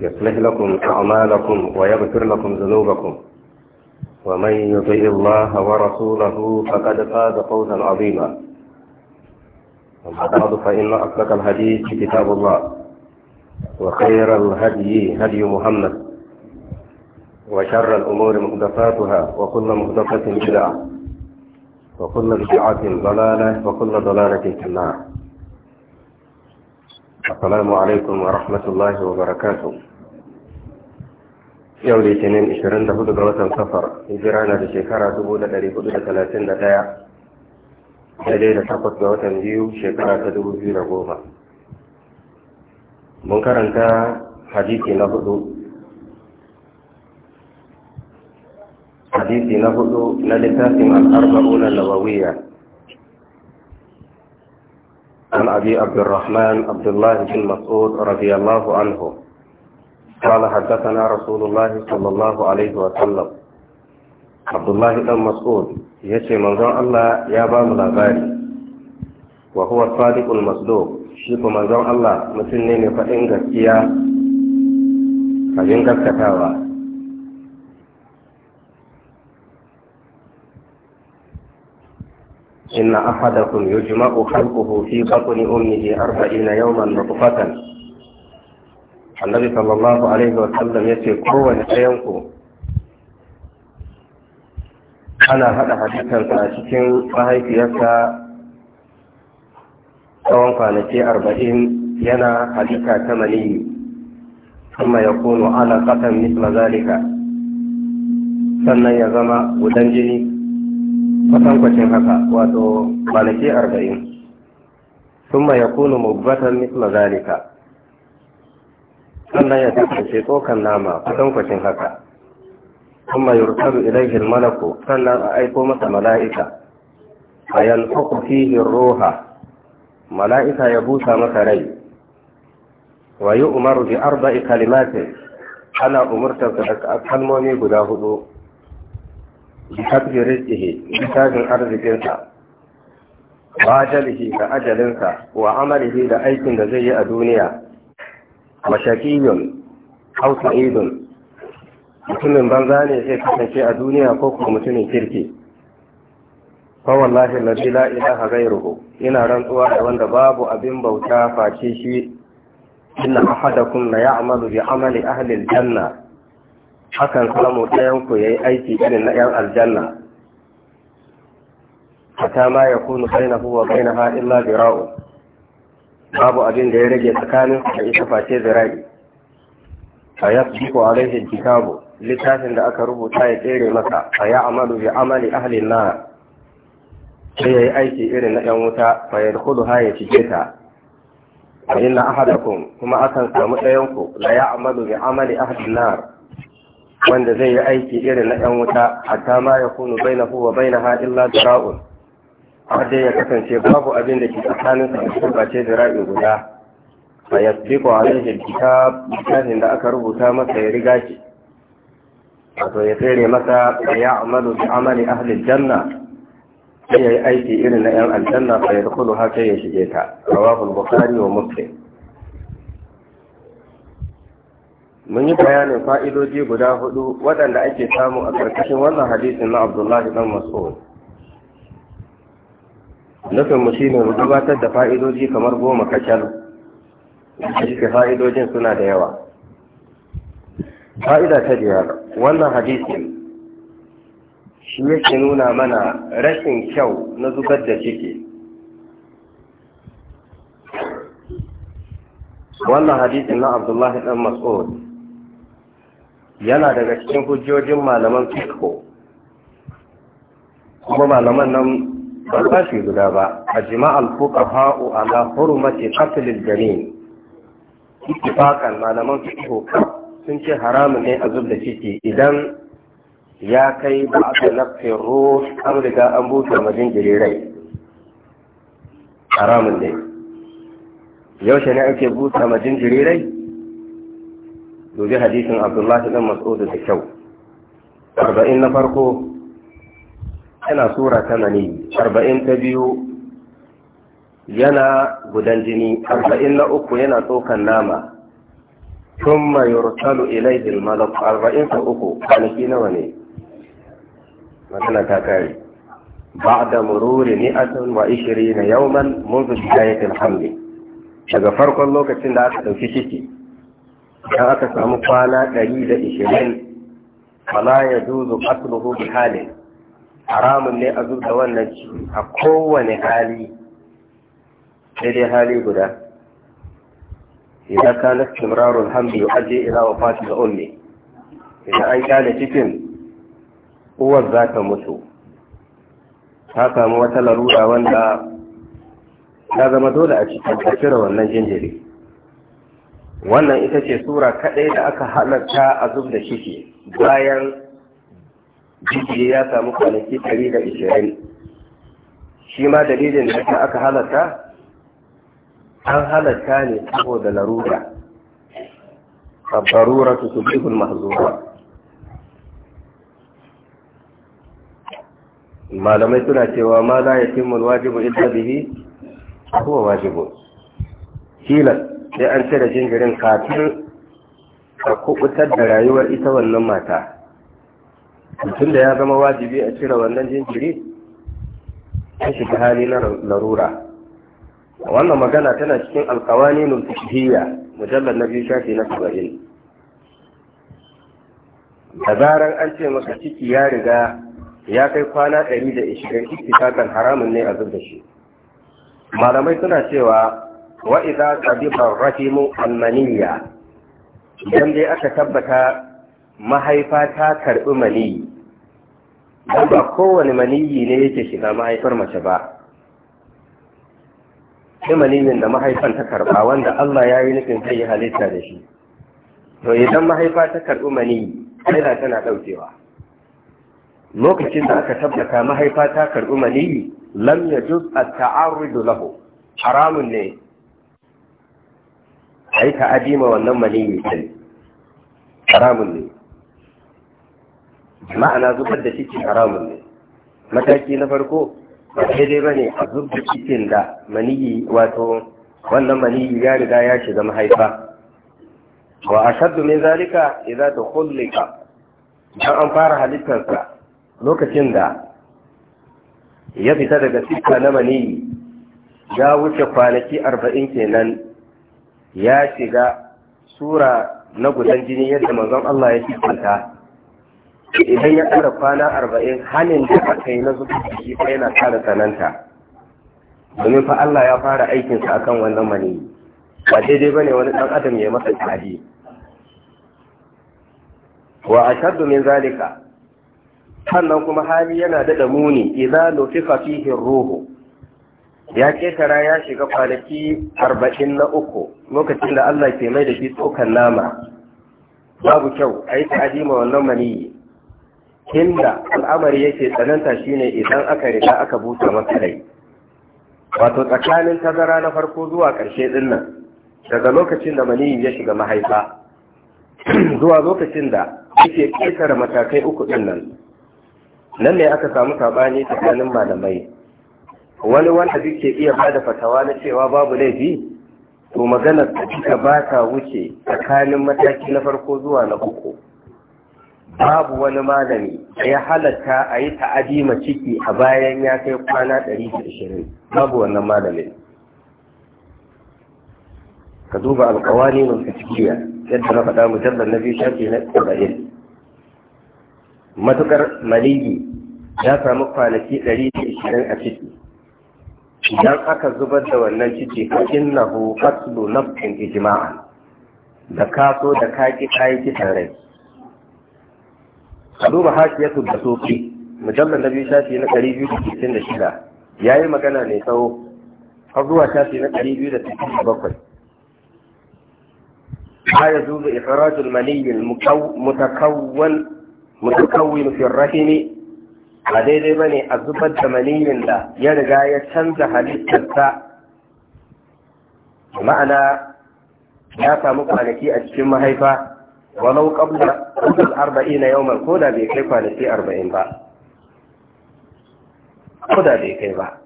يصلح لكم أعمالكم ويغفر لكم ذنوبكم ومن يطيع الله ورسوله فقد فاز فوزا عظيما أما بعد فإن أصدق الحديث كتاب الله وخير الهدي هدي محمد وشر الأمور محدثاتها وكل محدثة بدعة وكل بدعة ضلالة وكل ضلالة في النار السلام عليكم ورحمة الله وبركاته yau litinin 24 ga watan safar hijira na da shekara 431 daidai da takwas ga watan biyu shekara ta 2010 mun karanta hadisi na hudu hadisi na hudu na littafin al'arba'una lawawiya عن أبي عبد الرحمن عبد الله بن مسعود رضي الله عنه قال حدثنا رسول الله صلى الله عليه وسلم عبد الله بن مسعود يشي منظر الله يا بام لاباري وهو الصادق المصدوق شيخ منظر الله مسنين فإن غسيا فإن غسكتاوا إن أحدكم يجمع خلقه في بطن أمه أربعين يوما نطفة annabi sallallahu alaihi wasallam ya ce kowane ku ana haɗa hadisan a cikin mahaifiyarsa tsawon kwanaki arba'in yana hadisa ta maniyi kuma ya kono ala ƙasan misla zalika sannan ya zama gudan jini kwatankwacin haka wato kwanaki arba'in ثم يكون مبتا مثل ذلك sannan ya kasance tsokan nama kusan kwashin haka kuma yurtaru ilaihi malako sannan a aiko masa mala'ika a fi fihi roha mala'ika ya busa masa rai wa yi umaru bi arba kalimatin ana umurtar da kalmomi guda hudu bi haɗe rikihi littafin arzikinsa wa ajalihi da ajalinsa wa amalihi da aikin da zai yi a duniya mashakiyun aw sa'idun mutumin banza ne zai kasance a duniya ko kuma mutumin kirki fa wallahi alladhi la ilaha ghayruhu ina rantsuwa da wanda babu abin bauta face shi inna ahadakum la ya'malu bi amali ahli aljanna hakan samu ɗayan ku yayi aiki irin na 'yan aljanna hatta ma yakunu bainahu wa bainaha illa dira'u babu abin da ya rage tsakanin da ita face zira'i a ya ko rashin jikabu littafin da aka rubuta ya tsere maka a ya amalu bi amali ahlin na sai ya yi aiki irin na ɗan wuta bayan Kudu ha ya cike ta a inna kun kuma akan samu ɗayanku la ya amalu bi amali ahlin na wanda zai yi aiki irin na ɗan wuta hatta ma ya kunu bai na huwa bai na illa zira'un har dai ya kasance babu abin da ke tsakanin sa da bace da ra'ayi guda fa yasbiqu alaihi alkitab kitabin da aka rubuta masa ya riga shi wato ya tsere masa ya amalu bi amali ahli aljanna sai ya yi aiki irin na 'yan aljanna fa ya dukulu haka ya shige ta rawahu bukhari wa muslim mun yi bayanin fa'idoji guda hudu waɗanda ake samu a ƙarƙashin wannan hadisin na abdullahi dan mas'ud nufin mu shine mu gabatar da fa'idoji kamar goma kacal da fa'idojin suna da yawa fa'ida ta biyar wannan hadisi shi yake nuna mana rashin kyau na zubar da ciki wannan hadisin na abdullahi dan mas'ud yana daga cikin hujjojin malaman fiko kuma malaman nan ba sashi guda ba a jima'al hau ala hurmati qatl al-jamin ittifaqan malaman fiqh sun ce haramun ne a zubda ciki idan ya kai ba a nafsin ruh an riga an buta majinjiri rai haramun ne yaushe ne ake buta majinjiri rai dubi hadisin abdullahi dan mas'ud da kyau arba'in na farko yana sura ta mani arba'in ta biyu yana gudan jini arba'in na uku yana tsokan nama tun mai rutalu ilaihin malak arba'in ta uku kwanaki nawa ne magana ta kare ba da mururi ni a ni'atun wa ishiri na yauman munzu shigayatin hamli daga farkon lokacin da aka ɗauki ciki idan aka samu kwana ɗari da ishirin fala ya juzu qatluhu bi halin haramun ne a zub wannan ci a kowane hali daidai hali guda idan ka na cimrarun hamdi ya aje ila wa fati da Ulle. idan an kyale cikin uwar za ta mutu ta samu wata larura wanda ta zama dole a cikin ta cire wannan jinjiri wannan ita ce sura kaɗai da aka halatta a zub da shi bayan jijiye ya samu kwanaki ɗari da ishirin shi ma dalilin da ta aka halatta an halatta ne saboda larura barura su su bihun mahazuwa malamai suna cewa ma za yi mun wajibu ita bihi ko wajibu tilas sai an cire jinjirin kafin a kubutar da rayuwar ita wannan mata tun da ya zama wajibi a cire wannan jinjiri ta shiga hali na larura wannan magana tana cikin alkawani nulfishiyya mujallar na biyu shafi na saba'in da zarar an ce maka ciki ya riga ya kai kwana ɗari da ishirin ittifaqan haramun ne a da shi malamai suna cewa waiza idza rahimu annaniya idan dai aka tabbata mahaifa ta karɓi maniyi don ba kowane maniyi ne yake shiga mahaifar mace ba sai maniyin da mahaifan ta karɓa wanda Allah ya yi nufin zai yi halitta da shi to idan mahaifa ta karɓi maniyi da tana ɗaukewa lokacin da aka tabbata mahaifa ta karɓi maniyi lam juz at-ta'arrudu lahu haramun ne a yi adima wannan maniyi ɗin haramun ne ma'ana zubar da ciki haramun ne mataki na farko ba daidai ba ne a zub da cikin da maniyi wato wannan maniyi ya riga ya shiga mahaifa wa ashaddu min zalika idza tukhallika dan an fara halittarsa lokacin da ya fita daga cikin na maniyi ya wuce kwanaki arba'in kenan ya shiga sura na gudan jini yadda manzon Allah ya sifanta idan ya ƙara kwana arba'in hannun da aka yi na zubar da shi yana ƙara tsananta domin fa Allah ya fara aikinsa akan wannan mani ba daidai bane wani ɗan adam ya masa tsadi wa a ashaddu min zalika sannan kuma hali yana daɗa muni idan lufifa fihin ruhu ya tara ya shiga kwanaki arba'in na uku lokacin da Allah ke mai da shi tsokan nama babu kyau a yi tsadi ma wannan maniyi inda al'amari yake tsananta shine idan aka riga aka busa masa rai wato tsakanin tazara na farko zuwa ƙarshe ɗin nan daga lokacin da maniyi ya shiga mahaifa zuwa lokacin da yake ƙetare matakai uku ɗin nan nan ne aka samu saɓani tsakanin malamai wani wanda duk iya ba fatawa na cewa babu laifi to maganar ta ba ta wuce tsakanin mataki na farko zuwa na uku babu wani malami da ya halatta a yi ta'adima ciki a bayan ya kai kwana 120 babu wannan malamin ka duba alkawani mun fitikiyya yadda na faɗa mujallar na biyu shafi na ƙara'il matukar maligi ya samu kwanaki 120 a ciki idan aka zubar da wannan ciki fa na qatlu nafsin ijima'a da kaso da kaki kai kitan rai a duba hashiyatu da soki mujallar na biyu shafi na ɗari biyu da sittin da shida ya yi magana mai tsawo har zuwa shafi na ɗari biyu da sittin da bakwai لا يجوز إخراج المني المتكون متكون في الرحم عديد بني الزبد مني لا يرجع يتشنز حديث الساء معنى يا سامو كانكي أجتم هيفا walau qabla qabla arba'ina yawman ko da bai kai kwanaki arba'in ba ko da bai kai ba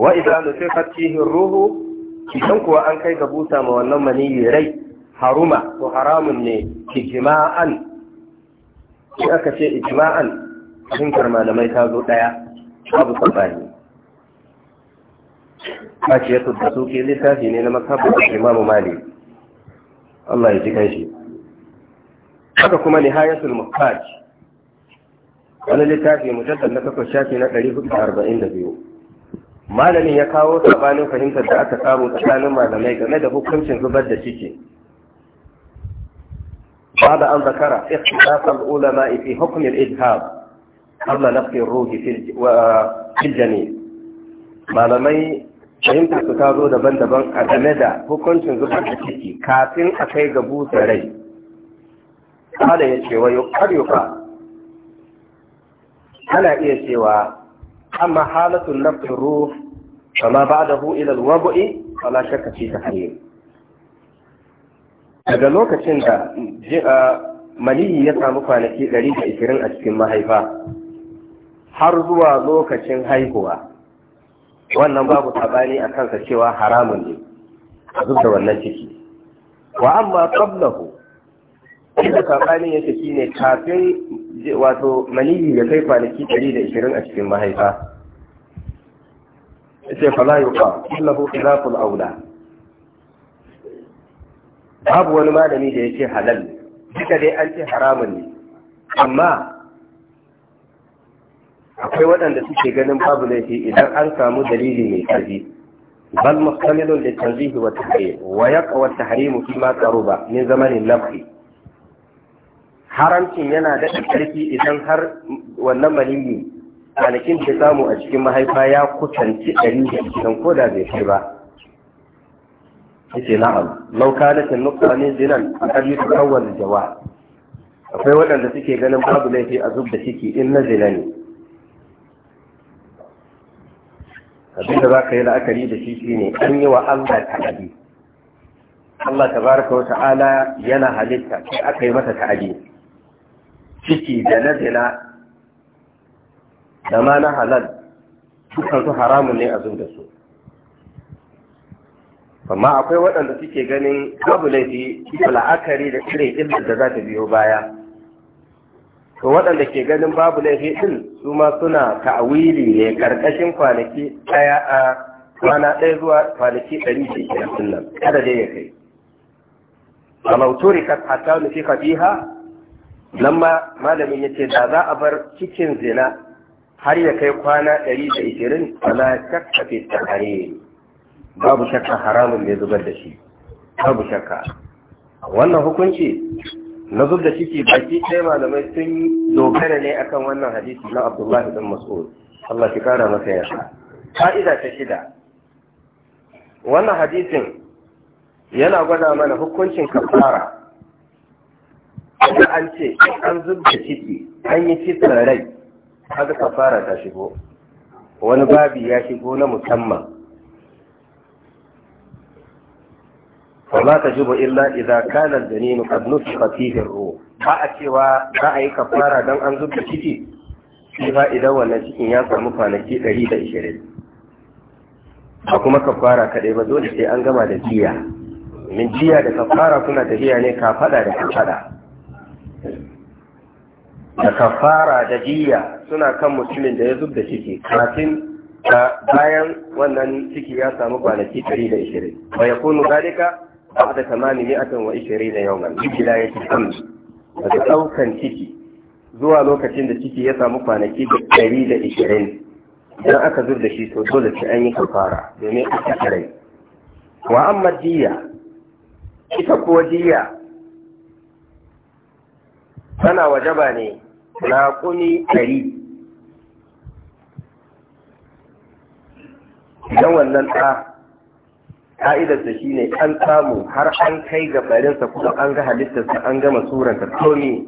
wa idanu sai fihi ruhu idan kuwa an kai ga busa ma wannan maniyi rai haruma ko haramun ne ijma'an shi aka ce ijma'an fahimtar malamai ta zo daya babu sabani Hajiyatu da suke littafi ne na makabar Imam mali. Allah ya ji kanshi. haka kuma ni nihayatul muhtaj wani littafi mujaddal na takwas shafi na 442 malamin ya kawo sabanin fahimtar da aka samu tsakanin malamai game da hukuncin zubar da ciki بعد أن ذكر اختلاف العلماء في حكم الإجهاض قبل نفخ الروح في في الجنين malamai fahimtar su ta zo daban-daban a game da hukuncin zubar da ciki kafin a kai ga busa rai kala ya ce wa yuqaryuka ana iya cewa amma halatun nafsi ruh bada ba'dahu ila al ba, shakka fi tahrim daga lokacin da maliyi ya samu kwanaki 120 a cikin mahaifa har zuwa lokacin haihuwa wannan babu tabani a kansa cewa haramun ne a wannan ciki wa amma qablahu inda saɓanin yake shi ne kafin wato maniyi ya kai kwanaki ɗari da a cikin mahaifa ce fala yi kwa kullahu khilaful aula babu wani malami da yake halal duka dai an ce haramun ne amma akwai waɗanda suke ganin babu laifi idan an samu dalili mai ƙarfi bal li tanzihi wa tahrim wa yaqwa wa tahrimu fi ma qaruba min zamanin nafsi haramcin yana da ƙarfi idan har wannan maniyi kwanakin ke samu a cikin mahaifa ya kusanci ɗari da cikin koda bai kai ba yake na'am lauka na tannuka ne zinan a ƙarfi ta kawar jawa akwai waɗanda suke ganin babu laifi a zub da ciki in na zina ne abin da za ka yi la'akari da shi shine an yi wa allah ta'adi allah tabaraka wa ta'ala yana halitta sai aka yi mata ta'adi ciki da na zina da ma na halal dukansu haramun ne a zo da su amma akwai waɗanda suke ganin babu laifi la'akari da irin illar da za ta biyo baya to waɗanda ke ganin babu laifi ɗin su ma suna ta'awili ne ƙarƙashin kwanaki ɗaya a kwana ɗaya zuwa kwanaki ɗari ce ke nan kada dai ya kai turi turikat hatta nufi kafiha nan ma malamin ya ce da za a bar cikin zina har ya kai kwana ɗari da ishirin ala shakka fi tsakare babu shakka haramun mai zubar da shi babu shakka wannan hukunci na zub da ciki baki sai malamai sun dogara ne akan wannan hadisi na abdullahi bin mas'ud Allah shi kara masa yarda fa'ida ta shida wannan hadisin yana gwada mana hukuncin kafara da an ce an zub da ciki an yi cikin rai ka fara ta shigo wani babi ya shigo na musamman wala ta jibo illa idan kana janinu qad nufiqa fatihin ruwa? ba a cewa za a yi kafara don an zub da ciki Shi ba idan wannan cikin ya samu kwanaki 120 ba kuma kafara kaɗai ba dole sai an gama da jiya min jiya da kafara suna tafiya ne ka fada da ka fada da kafara da jiya suna kan mutumin da ya zub da ciki kafin ta bayan wannan ciki ya samu kwanaki 120 wa yakunu zalika ba'da a mi'atan wa 20 yawman bijila yake kan daga daukan ciki zuwa lokacin da ciki ya samu kwanaki 120 idan aka zub da shi to dole ci an yi kafara domin a rai wa amma jiya ita kuwa jiya tana wajaba ne na kuni ɗari idan wannan ɗa ka'idarsa shi ne an samu har an kai ga barinsa kuma an ga halittarsa an gama suranta komi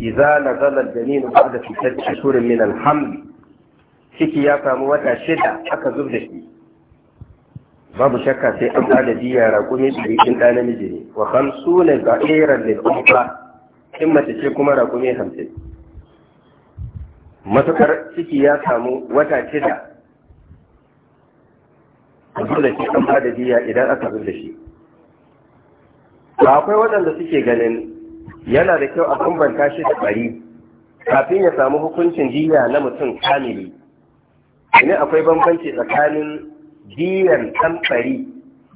iza na zalar da nino ba da fitar da shirin min alhamdi ciki ya samu wata shida aka zub da shi babu shakka sai an ba da diya raƙumi ɗari ɗin ɗa namiji ne wa hamsu ne ga da lil'umma in mace ce kuma rakumi hamsin matukar ciki ya samu wata shida a da shi an ba da diya idan aka da shi ba akwai waɗanda suke ganin yana da kyau a bambanta shi da ɓari, kafin ya samu hukuncin jiya na mutum kamili ne akwai bambanci tsakanin diyan ɗan ɓari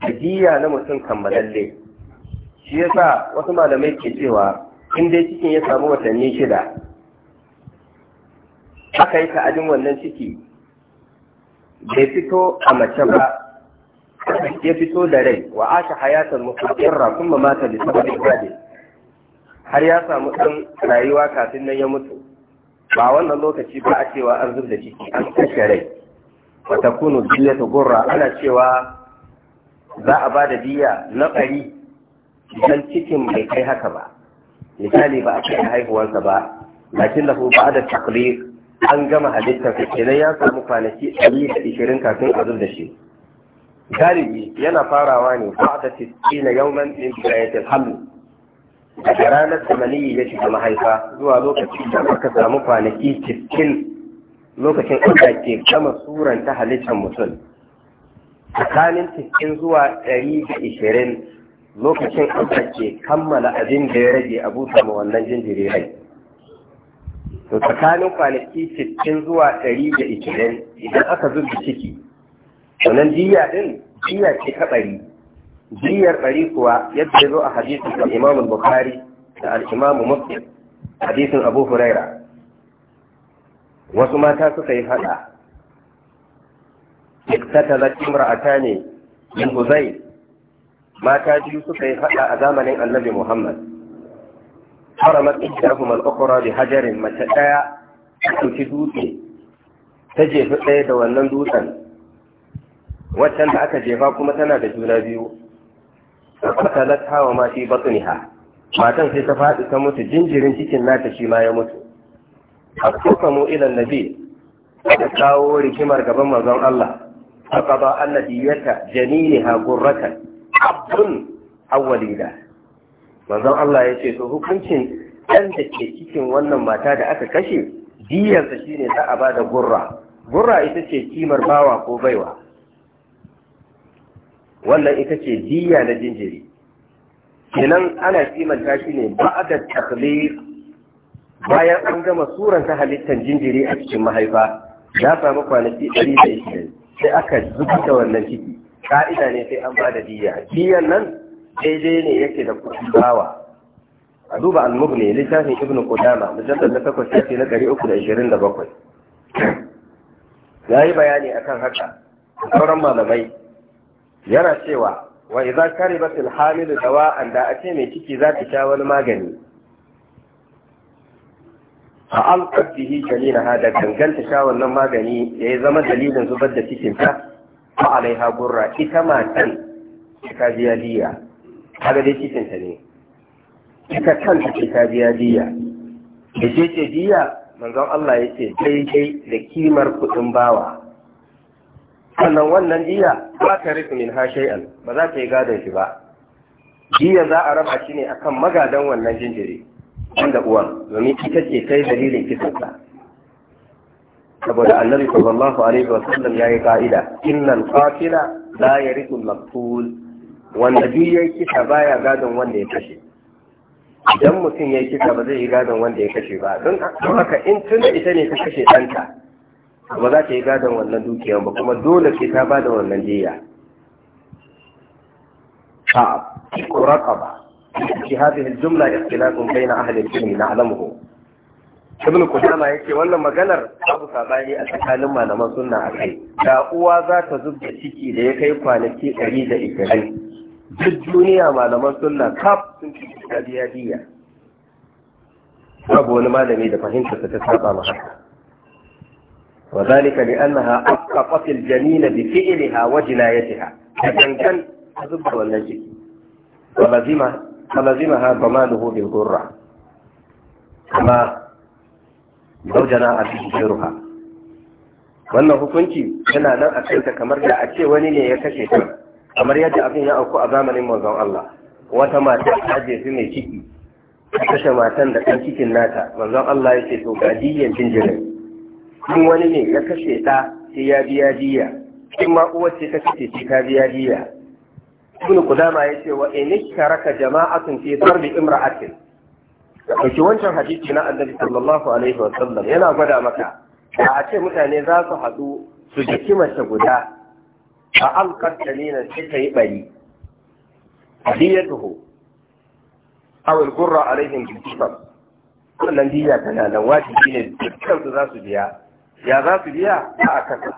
da diya na mutum kammalalle shi yasa wasu malamai ke cewa in dai cikin ya samu watanni shida aka yi ta'adin wannan ciki bai fito a mace ba ya fito da rai wa asha hayatar mutuwar ma mata da sabon har ya samu ɗan rayuwa kafin nan ya mutu ba wannan lokaci ba a cewa an zub da ciki an kashe rai wata kunu ta gurra ana cewa za a ba da diya na ɓari idan cikin bai kai haka ba misali ba a kai haihuwarsa ba lakin lahu ba da takrir an gama halittar sa kenan ya samu kwanaki ɗari da ishirin kafin a da shi galibi yana farawa ne ba da tisina yawman min bidayatil haml daga ranar da ya shiga mahaifa zuwa lokacin da aka samu kwanaki cikin lokacin Allah ke gama suranta halittar mutum tsakanin cikin zuwa ɗari da ishirin lokacin Allah ke kammala abin da ya rage a busa ma wannan jinjiri rai to tsakanin kwanaki cikin zuwa ɗari da ishirin idan aka zubi ciki wannan jiya din jiya ce ta ɓari jiyar ɓari kuwa yadda ya zo a hadisin da imam bukhari da al-imam muslim hadisin abu huraira wasu mata suka yi faɗa iktatalat imra'atani min huzayl mata biyu suka yi faɗa a zamanin annabi Muhammad. Haramat ihdahum al-ukhra bi hajarin mace ɗaya ta ɗauki dutse ta jefi ɗaya da wannan dutsen. Waccan da aka jefa kuma tana da juna biyu. Fatalat hawa ma fi batniha. Matan sai ta faɗi ta mutu jinjirin cikin nata shi ma ya mutu. mu ila nabi ta kawo rikimar gaban manzon Allah. Faƙaba Allah ne janiniha gurratan. abdun awwalina manzon Allah ya ce su hukuncin ɗan da ke cikin wannan mata da aka kashe diyarsa shine za a bada gurra gurra ita ce kimar bawa ko baiwa wannan ita ce diya na jinjiri kenan ana kimanta shi ne ba da bayan an gama suranta halittar jinjiri a cikin mahaifa ya samu kwanaki 120 sai aka zubuta wannan ciki ka'ida ne sai an bada diya diyan nan daidai ne yake da kuɗin bawa a duba al-mughni littafin ibn qudama mujallad na takwas shafi na 327 yayi bayani akan haka sauran malamai yana cewa wa idza karibat al-hamil dawa'an da ace mai ciki za ta sha wani magani fa alqat bihi hada, da ganganta sha wannan magani yayi zama dalilin zubar da cikin ta a laiha gurra ita matar ta biya diya kaga dai cikinta ne ita kanta ce biya diya da ce ce diya manzon Allah ya ce daidai da kimar kuɗin bawa sannan wannan diya ba ta rufe min ha shay'an ba za ta yi gadon shi ba diya za a raba shi ne akan magadan wannan jinjiri wanda uwan domin ita ce kai dalilin kisansa saboda annabi sallallahu alaihi wasallam yayi ka'ida innal qatila la yarithu al-maqtul wanda duk yayi kisa baya gadon wanda ya kashe idan mutum yayi kisa ba zai yi gadon wanda ya kashe ba don haka in tun ita ne ta kashe danta ba za ta yi gadon wannan dukiyar ba kuma dole sai ta bada wannan jiya. diya a raqaba fi hadhihi al-jumla ikhtilafun bayna ahli al-ilm na'lamuhu ibn kudama yake wannan maganar abu sabani a tsakanin malaman sunna a kai da uwa za ta zubda ciki da ya kai kwanaki ɗari da ishirin duk duniya malaman sunna kaf sun ci biya biya babu wani malami da fahimta ta saba ma haka wa zalika li annaha aqqa fil janina bi fi'liha wa jinayatiha dangan ka zubda wannan ciki wa lazima fa lazimaha zamanuhu bil qurra kama zaujana a cikin ruha wannan hukunci yana nan a kanta kamar da a ce wani ne ya kashe ta kamar yadda abin ya auku a zamanin manzon Allah wata mata ta jefi mai ciki ta kashe matan da ɗan cikin nata manzon Allah ya ce to ga diyan jinjirin in wani ne ya kashe ta sai ya biya diya in ma uwar ce ta kashe ce ta biya diya ibn qudama ya ce wa in sharaka jama'atun fi darbi imra'atin ɗauki wancan hadisi na annabi sallallahu alaihi wa sallam yana gwada maka a ce mutane za su haɗu su jiki mace guda a alƙar dalilin sai ta yi ɓari tuho aw al-qurra a rahin jikin wannan biya tana nan wajibi ne dukkan su za su biya ya za su biya a kasa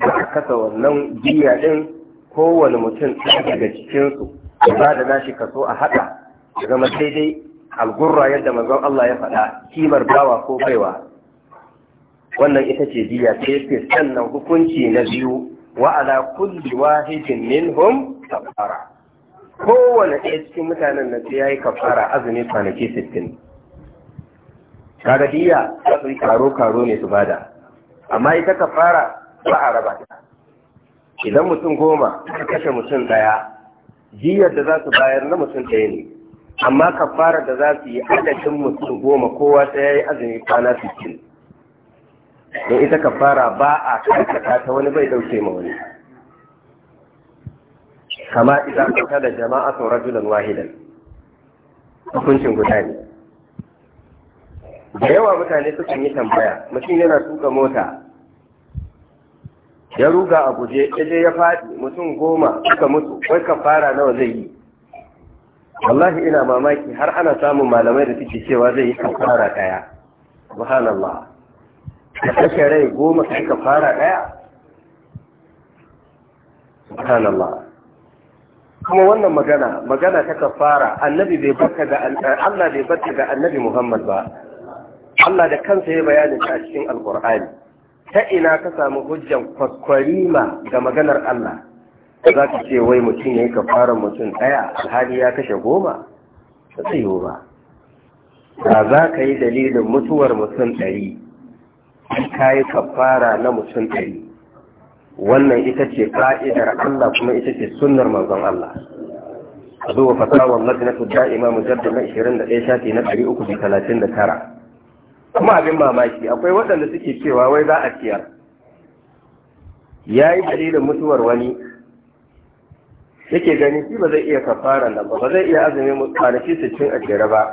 Za a kasa wannan biya din kowane mutum daga cikinsu ba da nashi kaso a haɗa ya zama daidai algurra yadda manzon Allah ya faɗa kimar bawa ko baiwa wannan ita ce diya ce sannan hukunci na biyu wa ala kulli wahidin minhum kafara kowane ɗaya cikin mutanen nan sai yayi kafara azumi kwanaki 60 kaga diya yi karo karo ne su bada amma ita kafara ba a raba ta idan mutum goma ta kashe mutum daya jiyar da za su bayar na mutum ɗaya ne amma kafara da za su yi adadin mutum goma kowa sai ya yi azumi kwana sittin don ita kafara ba a karkata ta wani bai dauke ma wani kama idan ta da jama'a sau rajulan wahidan hukuncin guda ne da yawa mutane sukan yi tambaya mutum yana tuka mota ya ruga a guje ya je ya faɗi mutum goma suka mutu wai kafara nawa zai yi wallahi ina mamaki har ana samun malamai da suke cewa zai yi kafara daya subhanallah ka kashe rai goma kai kafara daya subhanallah kuma wannan magana magana ta kafara annabi bai barka da Allah bai barka ga annabi Muhammad ba Allah da kansa ya bayani ta cikin alqur'ani ta ina ka samu hujjan kwakwarima ga maganar Allah za ka ce wai mutum ya yi kafarar mutum ɗaya alhali ya kashe goma ta tsayo ba da za ka yi dalilin mutuwar mutum ɗari ka yi kafara na mutum ɗari wannan ita ce ƙa'idar Allah kuma ita ce sunar manzon Allah a zuwa fasawar ja da'ima mujallar na 21 shafi na 339 kuma abin mamaki akwai waɗanda suke cewa wai za a ciyar ya yi dalilin mutuwar wani yake gani shi ba zai iya kafara nan ba ba zai iya azumin kwanaki sittin a jere ba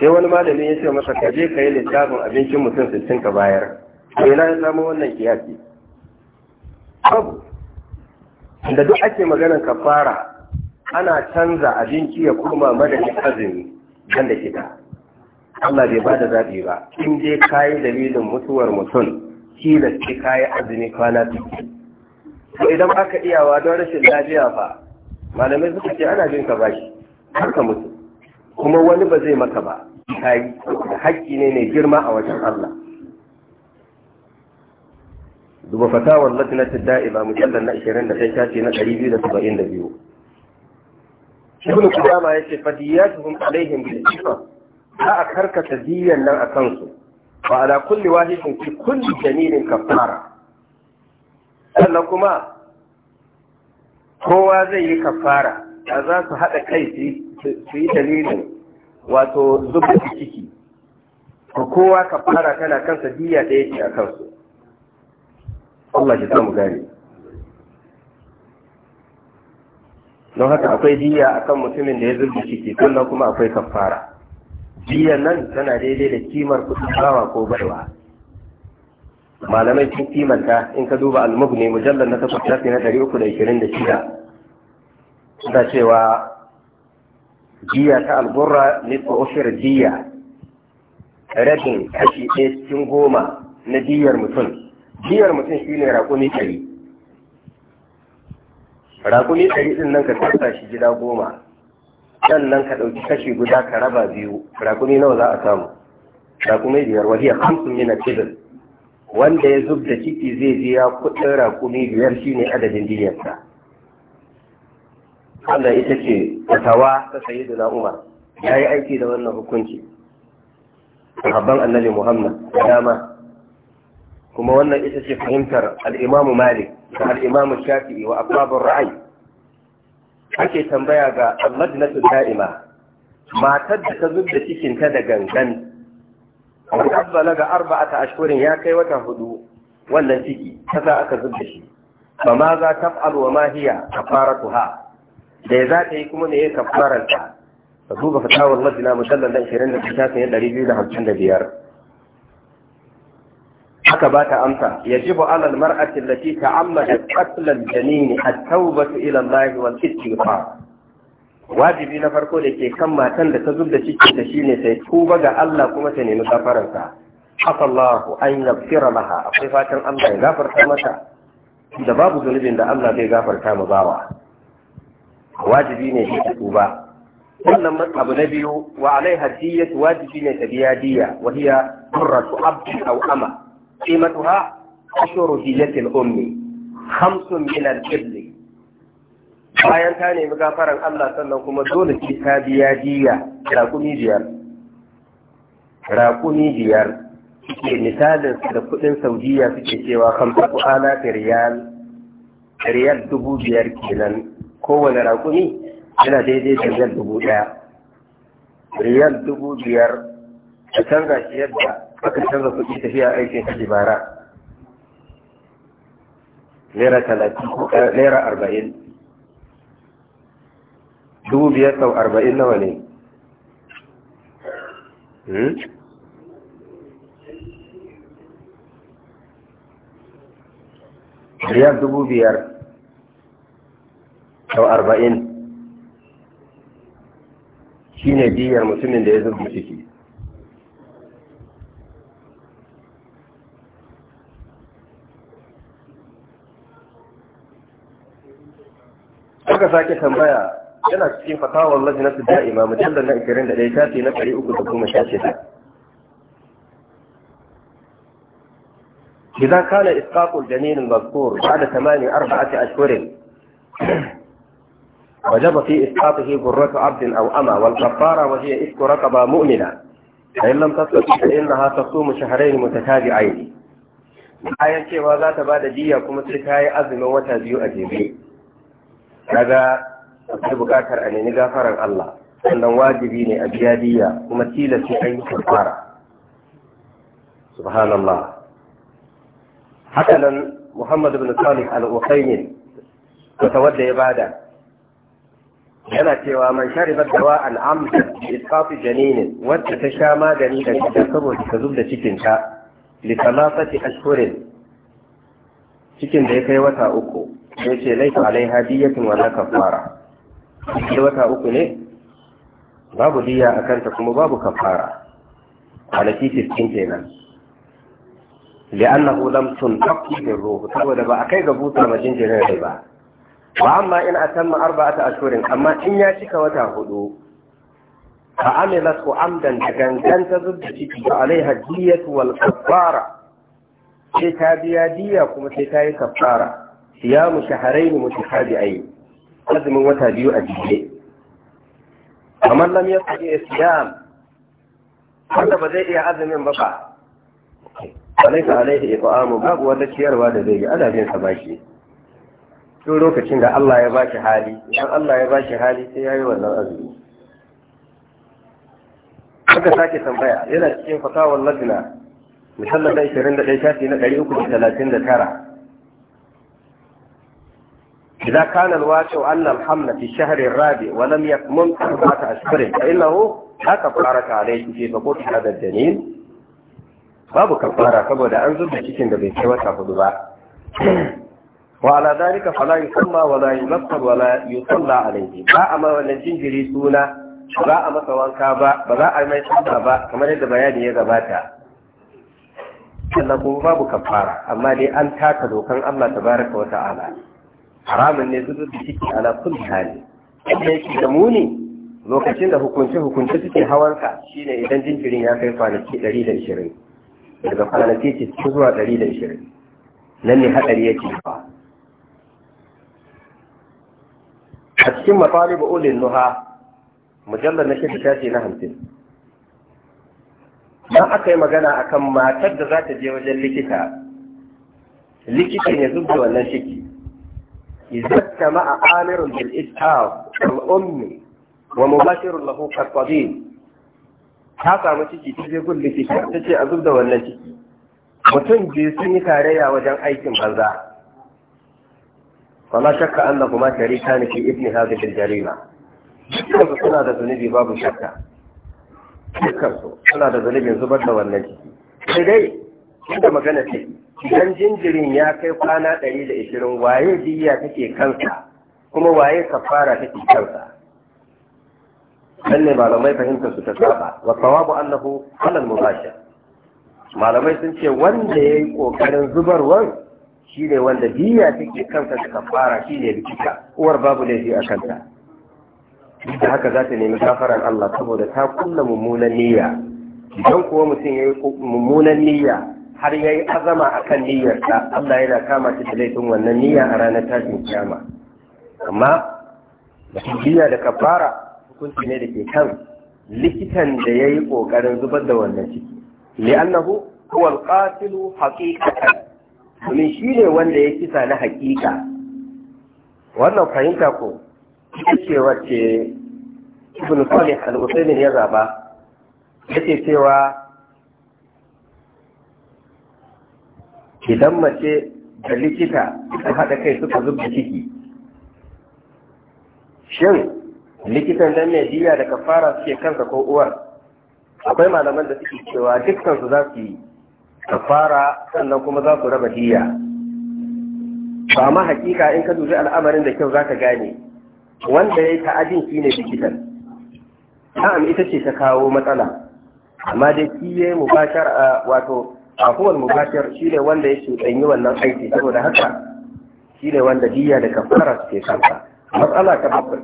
sai wani malami ya ce masa ka je ka yi littafin abincin mutum sittin ka bayar sai na ya samu wannan kiyasi abu da duk ake maganar kafara ana canza abinci ya koma madadin azumi kan da kita Allah bai ba da zaɓi ba in je kayi dalilin mutuwar mutum shi da shi kayi azumi kwana sittin to idan ka iyawa don rashin lafiya ba, malamai suka ce ana jin ka har ka mutu kuma wani ba zai maka ba kai da haƙƙi ne ne girma a wajen Allah duba fatawar latinatul da'ima mujallal na 26 shafi na 272 ibn qudama yace fadiyatuhum alaihim bil isra Ba a karkata diyan nan akan su wa ala kulli wahidin fi kulli jamilin kafara sannan kuma kowa zai yi kafara da za su haɗa kai su yi dalilin wato zuba ciki ko kowa kafara tana kansa biya ɗaya ce a kansu Allah shi mu gani don haka akwai a kan mutumin da ya zuba ciki sannan kuma akwai kafara biyan nan tana daidai da kimar kuɗin bawa ko baiwa malamai sun kimanta in ka duba al ne mujallar na takwas shafi na uku da da ishirin shida suna cewa jiya ta alburra ne nisfu ushur jiya rabin kashi ɗaya cikin goma na diyar mutum diyar mutum shine raƙumi ɗari raƙumi ɗari ɗin nan ka kasa shi gida goma sannan ka ɗauki kashi guda ka raba biyu raƙumi nawa za a samu raƙumi biyar wajen hamsin yana al wanda ya zub da ciki zai biya kudin rakumi biyar shine adadin diyarsa wanda ita ce fatawa ta da na'umar ya yi aiki da wannan hukunci sahabban annabi muhammad da dama kuma wannan ita ce fahimtar al'imamu malik da al'imamu shafi wa akwabin ra'ayi ake tambaya ga allajinatu da'ima matar da ta zub da cikinta da gangan ga Arba'ata أربعة ya kai wata وتهدو wannan ciki ta za aka zubda shi ba ma za ta wa ma hiya kafaratuha da ya za ta yi kuma ne ya kafarar ta ka duba fatawar madina musallan da ɗari biyu da hamsin da biyar. haka ba ta amsa ya ji yajibu alal mar'ati allati ta'ammadat qatl al-janin a taubatu, ila Allah wal istighfar wajibi na farko da ke kan matan da ta zub da ciki ta shine sai tuba ga Allah kuma ta nemi gafaransa afallahu an yaghfira laha akwai fatan Allah ya gafarta mata da babu zunubin da Allah zai gafarta mu bawa wajibi ne ta tuba wannan abu na biyu wa alaiha diyyat wajibi ne ta biya diya wa hiya qurratu abdi aw ama qimatuha ashuru diyyatil ummi khamsun min al-ibl bayan ta nemi gafaran Allah sannan kuma dole ce ta biya diya raƙumi biyar raƙumi biyar suke misalin da kuɗin saudiya suke cewa kamsa ku ta riyal riyal dubu biyar kenan kowane raƙumi yana daidai da riyal dubu ɗaya riyal dubu biyar a canza shi yadda aka canza kuɗi tafiya aikin hajji bara naira talatin ko eh, naira arba'in dubu biyar sau arba'in nawa ne riyar hmm? dubu biyar sau arba'in shi ne diyar mutumin da ya zurbi ciki aka sake tambaya yana cikin fatawar lajinatu da'ima mujallar na 21 shafi na 316 إذا كان إسقاط الجنين المذكور بعد ثمان أربعة أشهر وجب في إسقاطه برة عبد أو أمى والكفارة وهي إسك رقبة مؤمنة فإن لم تستطع فإنها تصوم شهرين متتابعين bayan cewa za ta ba da jiya kuma sai ta yi azumin wata biyu a jere daga akwai bukatar a nemi gafaran Allah sannan wajibi ne a biya kuma tilasi an yi kafara subhanallah haka nan Muhammad bin Salih al ta wadda ya bada yana cewa man shariba dawa an amsa bi isqati janinin wacce ta sha magani da ta saboda ta zubda cikin ta li thalathati ashhurin cikin da ya kai wata uku sai ce laifa alaiha diyatun wala kafara da wata uku ne babu diya a kanta kuma babu kafara kwanaki 15 kenan li'annahu lam tunqaq min ruh saboda ba a kai ga buta majinjirin rai ba Ba amma in atamma arba'ata ashhurin amma in ya cika wata hudu fa amilat ku amdan da gangan ta zubda ciki fa alaiha diyatu wal kafara sai ta biya diya kuma sai ta yi kafara siyamu shahrayn mutahabi'ain azumin wata biyu a jike kamar lam ya iya islam wanda ba zai iya azumin ba ba alaika alaihi iqamu babu wata ciyarwa da zai yi ana sa ba bashi to lokacin da Allah ya baki hali idan Allah ya baki hali sai yayi wannan azumi haka sake tambaya yana cikin fatawar lajna da 21 shafi na 339 إذا كان الواقع أن الحمل في الشهر الرابع ولم يكمل أربعة أشهر فإنه لا كفارة عليه في سقوط هذا الجنين babu kafara saboda an zurda cikin da bai kai wata hudu ba wa ala dalika fala yusamma wa la yulaqqab wa la yusalla alayhi ba a ma wannan jinjiri suna ba a masa wanka ba ba za a mai sunna ba kamar yadda bayani ya gabata sannan kuma babu kafara amma dai an taka dokan Allah Ta baraka wata ta'ala haramun ne zubar da ciki ala kulli hali inda yake da muni lokacin da hukunce hukunce suke hawanka shine idan jinjirin ya kai kwanaki 120 daga kwanaki cikin zuwa 120 nan ne hadari yake ba a cikin matalib ulil nuha mujallar na shida tashi na hamsin. dan aka yi magana akan matar da za ta je wajen likita likita ne zubda wannan ciki إذا اجتمع عامر بالإسحاق الأم ومباشر له كالطبيب ta samu ciki ta je gun likita ta ce a zub da wannan ciki mutum biyu sun yi tarayya wajen aikin banza wala shakka annahuma sharika ne fi ibni hadhihi al-jarima dukkan suna da zunubi babu shakka dukkan suna da zunubin zubar da wannan ciki sai dai inda magana take idan jinjirin ya kai kwana ɗari da ishirin waye diya take kansa kuma waye kafara take kansa sannan malamai fahimtar su ta saba wa sawabu annahu halal mubashir malamai sun ce wanda yayi kokarin zubarwan shine wanda diya take kansa da kafara shine likita. uwar babu laifi a kanta da haka za ta nemi kafaran Allah saboda ta kulla mummunan niyya idan kuwa mutum yayi mummunan niyya har ya yi azama a kan niyyarsa Allah yana kama shi da laifin wannan niyya a ranar tashin kyama. amma da da kafara hukunci ne da ke kan likitan da ya yi ƙoƙarin zubar da wannan ciki li'annahu huwa al ƙasilu haqiqatan domin shi ne wanda ya kisa na haƙiƙa wannan fahimta ko ita ce wacce ibn Salih al ya zaba yake cewa idan mace da likita suka haɗa kai suka zub ciki shin likitan nan ne diya da kafara suke kansa ko uwar akwai malaman da suke cewa dukkan su za su yi kafara sannan kuma za su raba diya ba ma hakika in ka dubi al'amarin da kyau za zaka gane wanda ya yi ta'adin shi ne likitan na'am ita ce ta kawo matsala amma dai kiya mu bashar wato a kowane mubashir shi ne wanda ya yi wannan aiki saboda haka shi ne wanda diya da kafara ke kanta matsala ta bakwai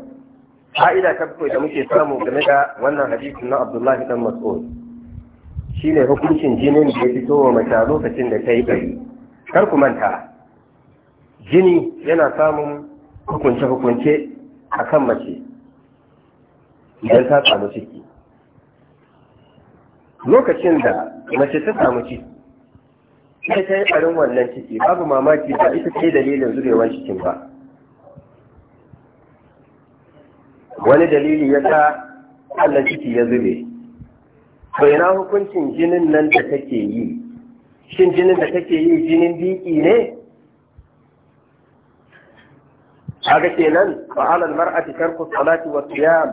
fa'ida ta bakwai da muke samu game da wannan hadisin na abdullahi dan mas'ud shi ne hukuncin jinin da ya fito wa mace lokacin da ta yi bari kar ku manta jini yana samun hukunce-hukunce a kan mace idan ta samu ciki lokacin da mace ta samu ciki ita ta yi ɓarin wannan ciki babu mamaki ba ita ce dalilin zurewar cikin ba wani dalili ya sa wannan ciki ya zube to ina hukuncin jinin nan da take yi shin jinin da take yi jinin diki ne kaga kenan fa alal mar'ati tarku salati wa yam.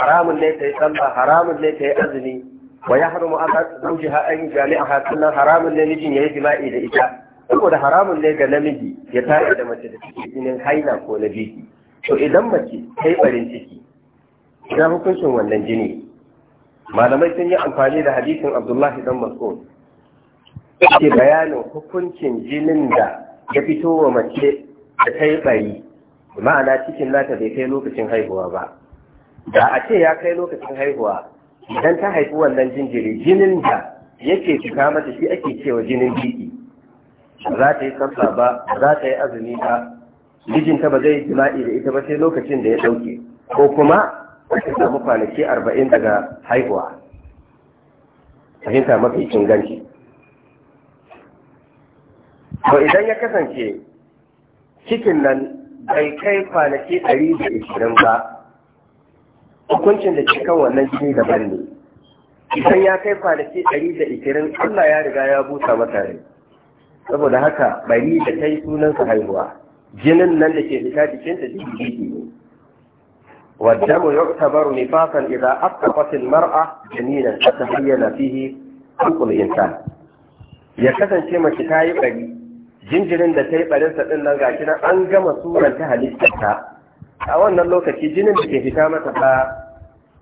haramun ne ta yi sallah haramun ne ta yi azumi wa har haramu aka zaujiha an jami'a sannan haramun ne mijin ya yi jima'i da ita saboda haramun ne ga namiji ya tare da mace da take jinin haila ko na biki to idan mace ta yi barin ciki ina hukuncin wannan jini malamai sun yi amfani da hadisin abdullahi dan mas'ud ke bayanin hukuncin jinin da ya fito wa mace da ta yi bari ma'ana cikin nata bai kai lokacin haihuwa ba da a ce ya kai lokacin haihuwa idan ta haifi wannan jinjiri jinin da yake cika mata shi ake cewa jinin jiki za ta yi sassa ba za ta yi azumi ba mijinta ba zai jima'i da ita ba sai lokacin da ya ɗauke. ko kuma ta samu kwanaki arba'in daga haihuwa fahimta mafi inganci to idan ya kasance cikin nan bai kai kwanaki ɗari da ishirin ba hukuncin da ke kan wannan jini daban ne idan ya kai kwanaki ɗari da ishirin Allah ya riga ya busa masa rai saboda haka bari da ta yi sunan sa haihuwa jinin nan da ke fita jikinta jiki ne والدم يعتبر نفاقا إذا أطلقت المرأة جنينا فتحين fihi خلق الإنسان ya kasance mace ta yi bari jinjirin da ta yi barinsa ɗin nan gashi nan an gama suran ta halittarta a wannan lokaci jinin da ke fita mata ba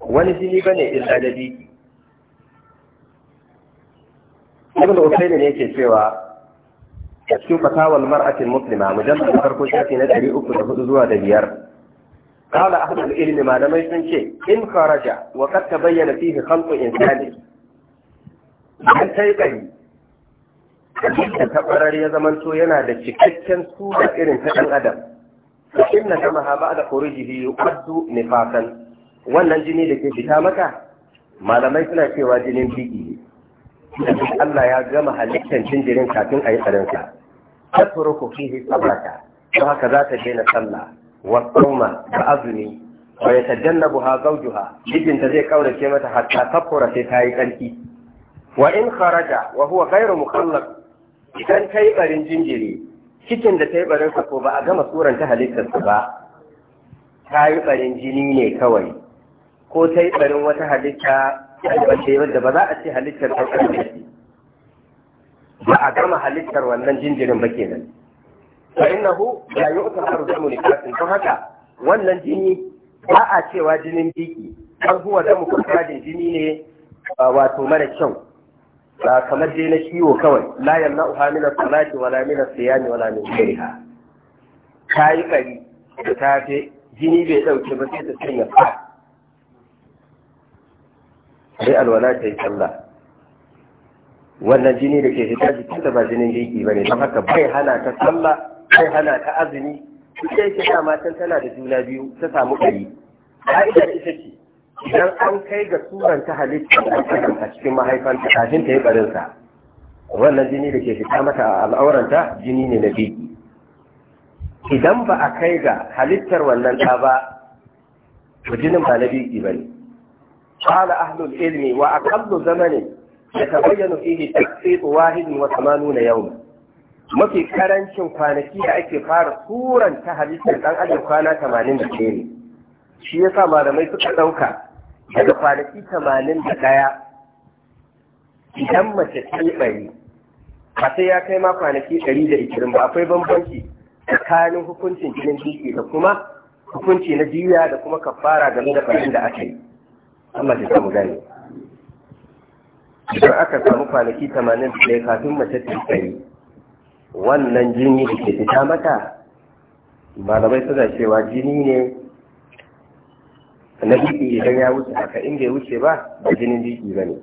wani jini ba ne in da biki ibn usaini ne yake cewa a cikin fatawar mar'atin muslima mujallar farko shafi na ɗari uku da hudu zuwa da biyar قال أهل العلم in faraja, يكن شيء bayyana خرج hankun in فيه خلق إنسان kai ƙari. da tabarar ya zamanto yana da cikakken su da irin ta ɗan adam inna kama ha ba da kurujihi yuqaddu nifasan wannan jini da ke fita maka malamai suna cewa jinin biki ne Allah ya gama halittar jinjirin kafin a yi tsarinsa ta turuku fihi sabrata don haka za ta daina sallah wa tsoma da azumi wa ya tajannabu buha gaujuha mijinta zai kaurace mata hatta tafura sai ta yi ƙarfi wa in kharaja wa huwa ghairu mukallaf idan ta yi barin jinjiri cikin da ta yi barin ko ba a gama suranta halittarsa ba ta yi barin jini ne kawai ko ta yi ɓarin wata halitta wace wadda ba za a ce halittar ɗaukar jiki ba a gama halittar wannan jinjirin ba kenan fa innahu la yu'tar arzamu kafin don haka wannan jini ba a cewa jinin biki har huwa da mu kwakwajin jini ne wato mara kyau kamar dai na ciwo kawai la yamna'uha min salati wala min wala siyami wala min Ta yi bari da tafe jini bai dauke ba sai ta sanya fa sai alwala ta yi sallah wannan jini da ke fita jikin ba jinin jiki ba ne don haka bai hana ta sallah bai hana ta azumi ita yake sa matan tana da juna biyu ta samu ɗari ka'idar ita ce idan an kai ga suran ta halitta a cikin mahaifanta kafin ta yi barinsa wannan jini da ke fita mata a al'auranta jini ne na jiki idan ba a kai ga halittar wannan ɗa ba to jinin ba na jiki ba ne قال أهل العلم وأقل زمن يتبين فيه تخطيط واحد وثمانون يوما mafi karancin kwanaki da ake fara turan ta halittar ɗan ajin kwana tamanin da ke ne shi yasa malamai suka ɗauka daga kwanaki tamanin da ɗaya idan mace ta yi ɓari ba sai ya kai ma kwanaki ɗari da ishirin akwai bambanci tsakanin hukuncin jinin jiki da kuma hukunci na jiya da kuma kafara game da ɓarin da aka yi Allah shi samu gani idan aka samu kwanaki tamanin da kafin mace ta yi wannan jini da ke fita mata malamai suna cewa jini ne na jiki idan ya wuce haka in bai wuce ba da jinin jiki ba ne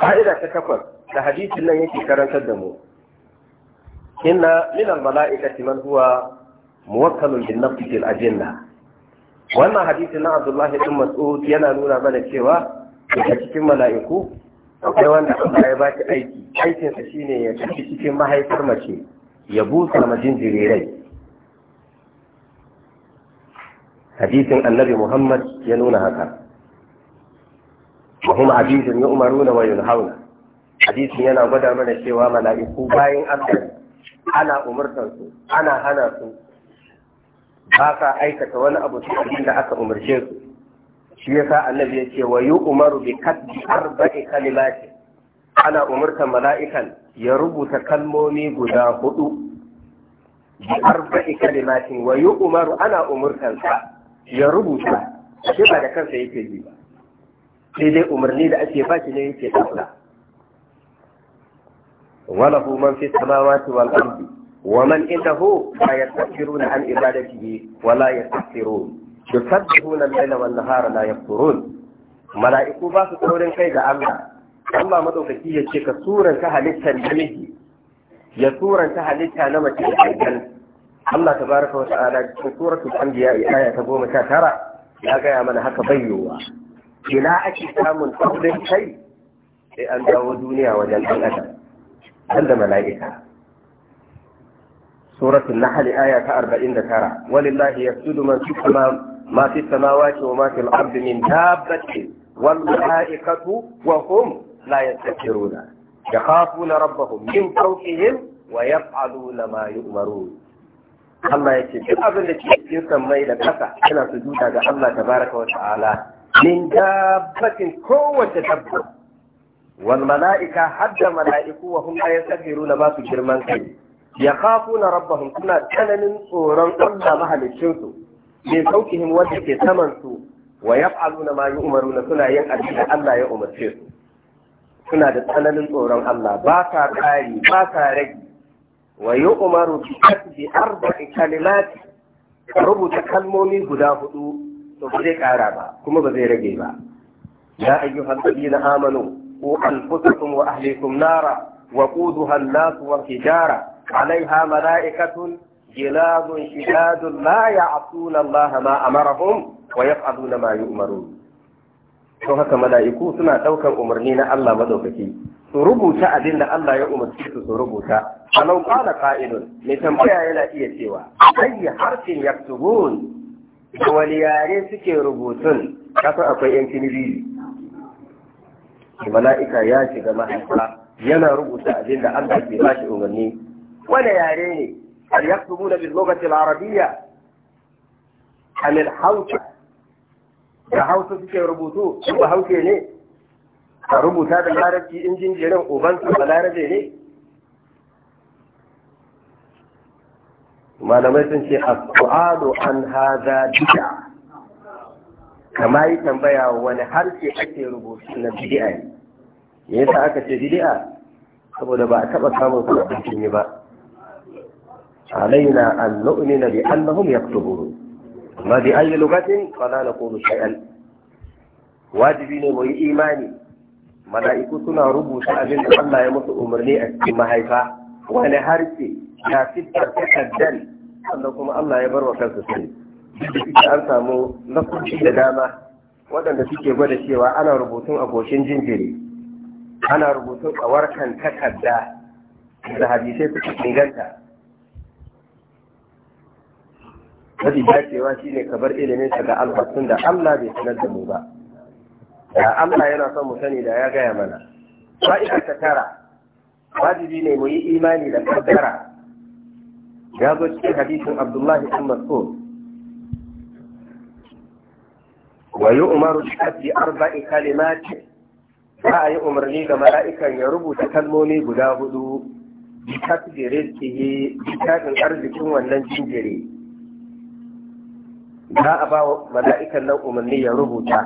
fa'ida ta takwas da hadisin nan yake karantar da mu inna min al-mala'ikati man huwa muwakkalun bin nafsi fil ajinna wannan hadisi na abdullahi ibn mas'ud yana nuna mana cewa a cikin mala'iku akwai wanda Allah ya ba shi aiki aikinsa shine ya tafi cikin mahaifar mace ya busa majin jinjiri rai hadisin annabi muhammad ya nuna haka wa hum abidun da wa yunhauna hadisin yana gwada mana cewa mala'iku bayan Allah ana umurtansu ana hana su ba sa aikata wani abu su abin da aka umarce su shi yasa annabi ya ce wa yi umaru bi kaddi arba'i kalimati ana umartar mala'ikan ya rubuta kalmomi guda hudu bi arba'i kalimati wa yi umaru ana sa ya rubuta shi ba da kansa yake yi ba sai dai umarni da ake ba shi ne yake ɗauka wala man fi samawati wal ardi ومن عنده لا يستكبرون عن عبادته ولا يستكثرون يسبحون الليل والنهار لا يكفرون mala'iku ba su kai ga Allah Allah madaukaki ya ce ka suranta halitta namiji ya suranta halitta na mace da aljan Allah tabaraka wa ta'ala cikin ya anbiya aya ta goma ta tara ya gaya mana haka bai bayyowa ina ake samun taurin kai sai an dawo duniya wajen ɗan adam da mala'ika Suratun suratul nahl aya ta 49 walillahi yasjudu man fi sama ma fi samawati wa ma fil ardi min dabbatin wal malaikatu wa hum la yastakbiruna yakhafuna rabbahum min fawqihim wa yaf'aluna ma yu'marun Allah ya ce duk abin da ke da ƙasa yana sujuda ga Allah tabaraka wa ta'ala min dabbatin kowace dabba wal mala'ika hadda mala'iku wa hum la yastakbiruna ba su girman kai ya kafu na rabbahum suna tsananin tsoron Allah mahalicinsu min saukihim wanda ke saman su wa mayu umaru na suna yin abin da Allah ya umarce su suna da tsananin tsoron Allah ba sa kari ba sa rage wa yi umaru bi kasbi arba'i kalimat rubuta kalmomi guda hudu to ba zai kara ba kuma ba zai rage ba ya ayyuhal ladina amanu qu anfusakum wa ahlikum nara wa وقودها الناس hijara. عليها ملائكة جلاد شداد لا يعصون الله ما أمرهم ويفعلون ما يؤمرون to haka mala'iku suna ɗaukar umarni na Allah madaukaki su rubuta abin da Allah ya umarci su su rubuta alau qala qa'ilun mai tambaya yana iya cewa ayi harfin yaktubun da wani yare suke rubutun kasa akwai yan tiniri mala'ika ya shiga mahaifa yana rubuta abin da Allah ke bashi shi umarni wani yare ne hal yaktubuna bil lughati al arabiyya am hausa da hausa suke rubutu su ba hausa ne a rubuta da larabci in jinjirin ubansu ba larabe ne malamai sun ce as-su'alu an hadha bid'a kama yi tambaya wani harshe ake rubutu na bid'a ne me yasa aka ce bid'a saboda ba a taɓa samun sabbin ba علينا أن نؤمن بأنهم يكتبون ما بأي لغة فلا نقول شيئا واجبين مي إيماني mala'iku suna rubuta abin da Allah ya musu umarni a cikin mahaifa wani harshe na fitar takaddan sannan kuma Allah ya bar wa kansu sani duk da an samu nasoshi da dama waɗanda suke gwada cewa ana rubutun a goshin jinjiri ana rubutun a warkan takarda da hadisai suka inganta mafi dacewa shi ne kabar ilimin ga Allah tun da Allah bai sanar da mu ba da Allah yana son mu sani da ya gaya mana fa'ida ta tara wajibi ne mu yi imani da kaddara ya zo cikin hadisin Abdullahi ibn Mas'ud wa yu'maru bi arba'i kalimat za a yi umarni ga mala'ikan ya rubuta kalmomi guda hudu bi tasdirin bi tasdirin arzikin wannan jinjiri za a ba mala'ikan nan umarni ya rubuta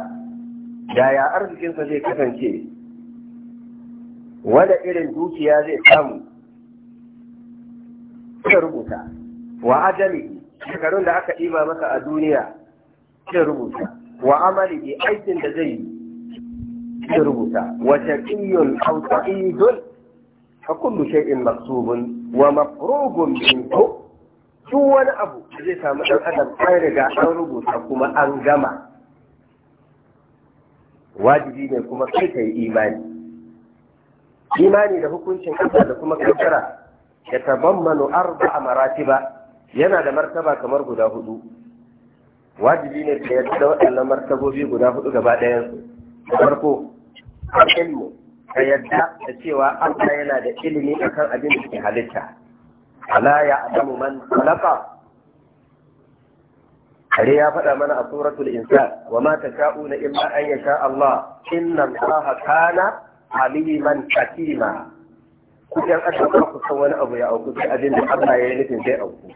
yaya arzikinsa zai kasance wanda irin dukiya zai samu Ya rubuta wa ajali shekarun da aka ɗiba masa a duniya Ya rubuta wa amali aikin da zai yi zai rubuta wa shaqiyyun aw sa'idun fa kullu shay'in maksubun wa mafrugun minhu duk wani abu da zai samu ɗan adam an riga an rubuta kuma an gama wajibi ne kuma kai ka yi imani imani da hukuncin kasa da kuma kankara ya a marati ba yana da martaba kamar guda hudu wajibi ne ka yarda waɗannan martabobi guda hudu gaba ɗayansu da farko ilmu ka yadda da cewa Allah yana da ilimi akan abin da ke halitta ala ya adamu man khalaqa kare ya faɗa mana a suratul Insa, wa ma tasha'una illa an yasha Allah inna Allah kana aliman hakima ku dan aka ku san wani abu ya auku sai abin da Allah ya yi nufin sai auku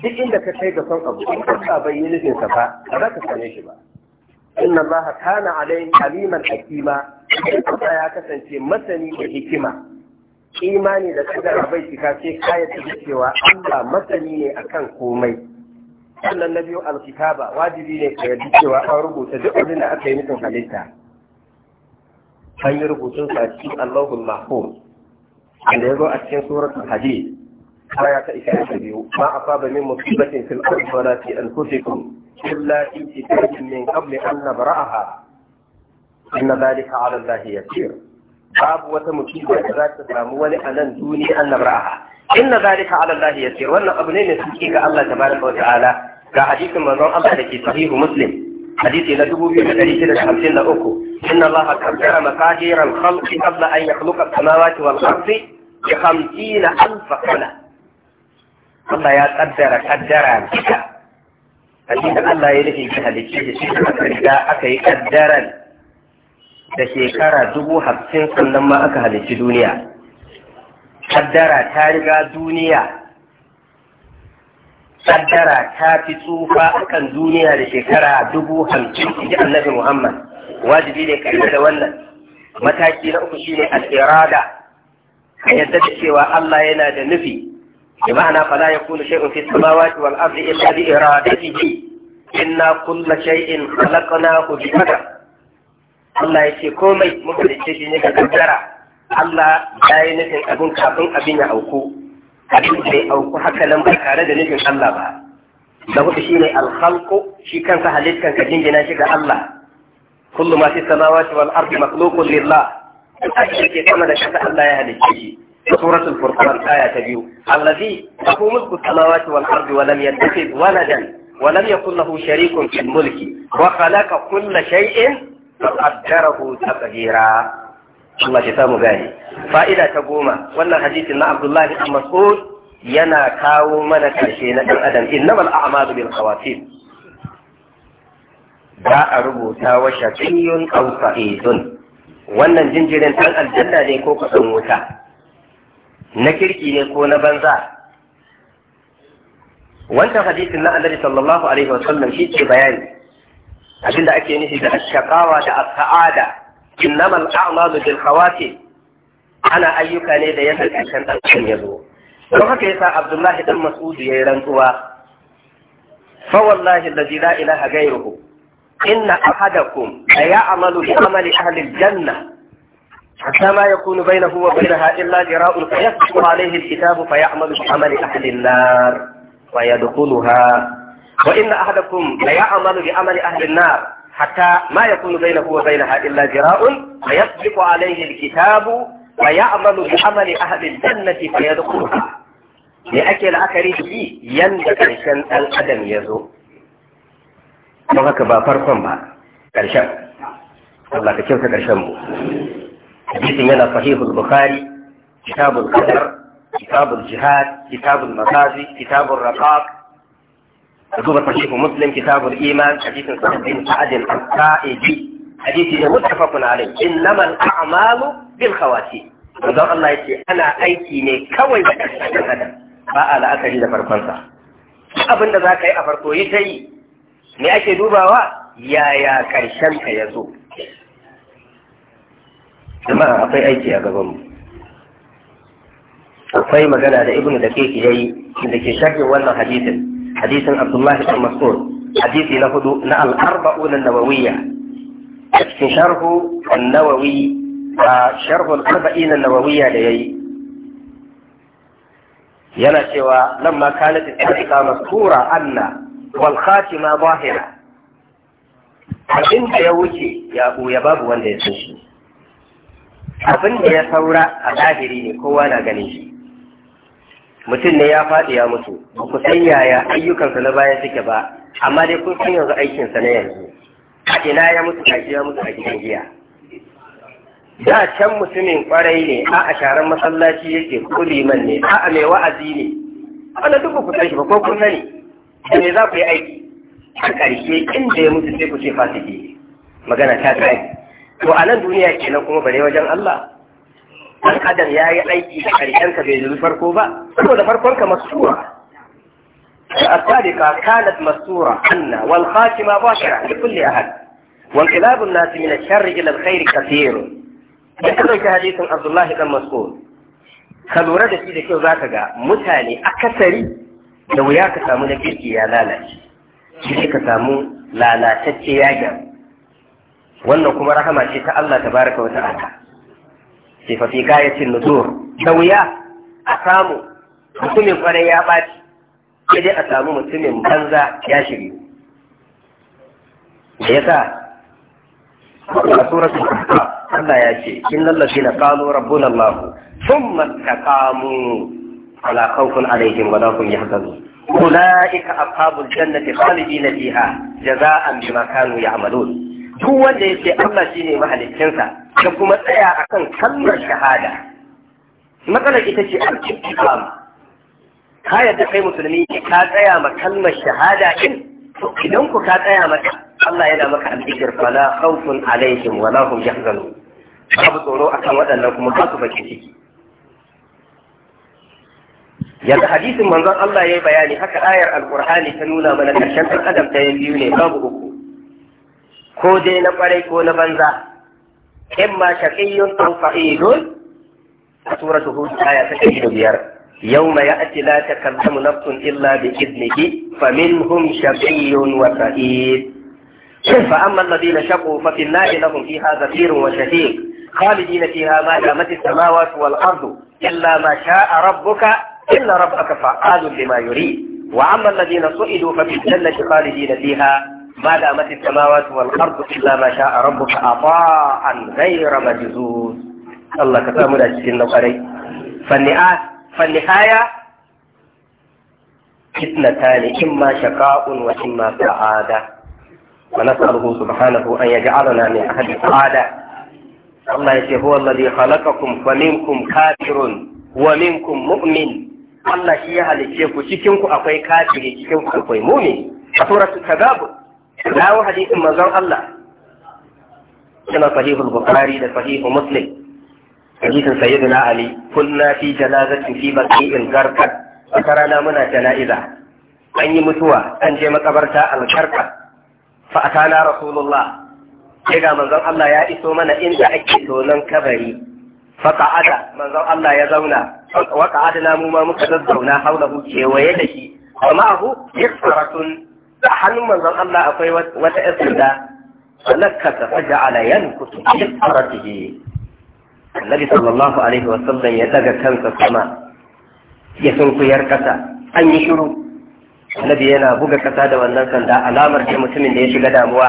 duk inda ka kai ga son abu in ka bai yi nufin sa fa ba za ka same shi ba inna Allah kana aliman hakima Allah ya kasance masani da hikima imani da kadara bai cika sai kaya ta cewa Allah masani ne akan komai sannan na biyu alkitaba wajibi ne ka yarda cewa an rubuta duk abin da aka yi mutum halitta an yi rubutun sa cikin Allahul Mahfuz wanda ya zo a cikin suratul Hadid aya ta 22 ma asaba min musibatin fil ardi wala fi anfusikum illa fi kitabin min qabli an nabra'aha inna dhalika 'ala Allahi yasir babu wata musiba da za ta samu wani a nan duniya an nabraha inna zalika ala Allah yasir wannan abu ne mai suke ga Allah tabaraka wa ta'ala ga hadisin manzon Allah da ke sahihu muslim hadisi na dubu biyu shida da hamsin 2653 inna Allah qaddara maqadir al-khalqi qabla an yakhluqa as-samawati wal ardi bi 50 alf sana Allah ya kaddara kaddara kika hadisi Allah ya nufi ki halicce shi aka riga aka yi kaddaran da shekara dubu hamsin sannan ma aka halicci duniya kaddara ta riga duniya kaddara ta fi tsufa akan duniya da shekara dubu hamsin ji annabi muhammad wajibi ne kai da wannan mataki na uku shine al-irada ka yadda da cewa Allah yana da nufi bi ma'ana fala yakunu shay'un fi samawati wal ardi illa bi iradatihi inna kulla shay'in khalaqnahu bi qadar Allah ya ce komai muka da ce shi ne ga kaddara Allah ya yi nufin abin kafin abin ya auku abin da ya auku haka nan ba tare da nufin Allah ba da hudu shi ne alhalko shi kansa halittan ka jingina shi ga Allah kullu ma fi samawati wal ardi makhluqun lillah da ke sama da kasa Allah ya halicce shi سورة الفرقان آية بيو الذي له ملك السماوات والأرض ولم يتخذ ولدا ولم يكن له شريك mulki. الملك وخلق كل shayin? فقدره تقديرا Allah fa'ida ta goma wannan hadisin na Abdullahi bin yana kawo mana karshe na dan adam innamal a'malu bil khawatim za a rubuta wa shaqiyun aw sa'idun wannan jinjirin dan aljanna ne ko kasan wuta na kirki ne ko na banza wancan hadisin na Annabi sallallahu alaihi shi ke bayani abinda ake nufi da shakawa da as-sa'ada innamal a'malu bil khawatim ana ayyuka ne da yadda karshen ɗan ya zo don haka yasa abdullahi dan mas'udu yayi rantsuwa fa wallahi allazi la ilaha ghayruhu inna ahadakum la ya'malu bi amali ahli al-janna حتى ما يكون بينه وبينها إلا ذراء فيسبق عليه الكتاب فيعمل بعمل أهل النار ويدخلها وإن أحدكم ليعمل بعمل أهل النار حتى ما يكون بينه وبينها إلا ذراع فيسبق عليه الكتاب ويعمل بعمل أهل الجنة فيدخلها لأكل أكري به يندى لشن الأدم يزو وهكذا فرقم با كرشم الله كيف كرشم حديث من صحيح البخاري كتاب القدر كتاب الجهاد كتاب المغازي كتاب الرقاق duba sahihu muslim kitabul iman hadisin sa'ad bin sa'ad al-sa'idi hadisi da muttafaqun alayh innamal a'malu bil khawati manzon Allah yace ana aiki ne kawai da kashin adam ba a la'akari da farkonsa. sa abin da zaka yi a farko yi sai me ake dubawa yaya karshen ka yazo jama'a akwai aiki a gabanmu. mu akwai magana da ibnu da ke yayi da ke sharhin wannan hadisin hadisin Abdullahi bin hadisi na hudu na al-arba'un an-nawawiyya cikin sharhu nawawi a sharhu arbain an-nawawiyya da yayi yana cewa lamma anna wal khatima abin da ya wuce ya ɓuya babu wanda ya san shi abin da ya saura a zahiri ne kowa na ganin shi mutum ne ya faɗi ya mutu ba ku san yaya ayyukansa na baya suke ba amma dai kun san yanzu aikinsa na yanzu a ina ya mutu a ya mutu a gidan giya da can mutumin kwarai ne a a sharan masallaci yake ko liman ne a a mai wa'azi ne wanda duk ku san shi ba ko kun sani da me za ku yi aiki a ƙarshe inda ya mutu sai ku ce fasiki magana ta kai to a nan duniya kenan kuma bare wajen Allah dan adam ya yi aiki da karshenka bai zuri farko ba saboda farkonka masura السابقة كانت مستورة عنا والخاتمة باشرة لكل أحد وانقلاب الناس من الشر إلى الخير كثير يكذل حديث عبد الله بن مسعود kalura da shi da kyau za ka ga mutane akasari da wuya ka samu na kirki ya lalace shi ka samu lalatacce ya wannan kuma rahama ce ta Allah tabaraka wa ta'ala ce fa fi da wuya a samu mutumin kwarai ya ɓaci sai dai a samu mutumin banza ya shiryu da yasa a suratul Allah ya ce innal ladina qalu rabbuna Allah thumma istaqamu ala khawfun alaihim wa la hum yahzanun أولئك أصحاب الجنة a فيها جزاء بما كانوا يعملون duk wanda ya ce Allah shi ne mahalicinsa da kuma tsaya a kan kalmar shahada matsalar ita ce al-ibtiham ka yadda kai musulmi ka tsaya ma kalmar shahada In idan ku ka tsaya mata Allah yana maka al-dhikr fala khawfun alaihim wa la hum yahzanun babu tsoro akan waɗannan kuma ba su bakin ciki yanzu hadisin manzon Allah ya yi bayani haka ayar alqur'ani ta nuna mana karshen adam ta biyu ne babu uku ko dai na kwarai إما na أو in ma shaqiyyun aw sa'idun a يوم يأتي لا تكلم نفس إلا بإذنه فمنهم شقي وسعيد فأما الذين شقوا ففي النار لهم فيها زفير وشهيق خالدين فيها ما دامت السماوات والأرض إلا ما شاء ربك إلا ربك فعال لما يريد وأما الذين سئلوا ففي الجنة خالدين فيها ما دامت السماوات والأرض إلا ما شاء ربك عطاء غير مجزوز الله كتاب من أجل النقري فالنهاية اثنتان إما شقاء وإما سعادة ونسأله سبحانه أن يجعلنا من أهل السعادة الله يسي هو الذي خلقكم فمنكم كافر ومنكم مؤمن الله شيء هل الشيخ شكنكم أقوي كافر شكنكم أقوي مؤمن فسورة التغابر dawo hadisin manzon Allah suna sahihul bukhari da sahihu muslim hadisin sayyidina ali kunna fi janazatin fi baqi'il garkat wata rana muna jana'iza an yi mutuwa an je makabarta alkarka fa atana rasulullah sai ga manzon Allah ya iso mana inda ake tonon kabari fa qa'ada manzon Allah ya zauna wa qa'adna mu ma muka zazzauna haula hu kewaye da shi wa ma'ahu yaqratun da hannun manzon Allah akwai wata ƴar sanda falakata faja'ala yankutu fi faratihi Annabi sallallahu alaihi wa sallam ya daga kansa sama ya sunkuyar kasa an yi shiru Annabi yana buga ƙasa da wannan sanda alamar ke mutumin da ya shiga damuwa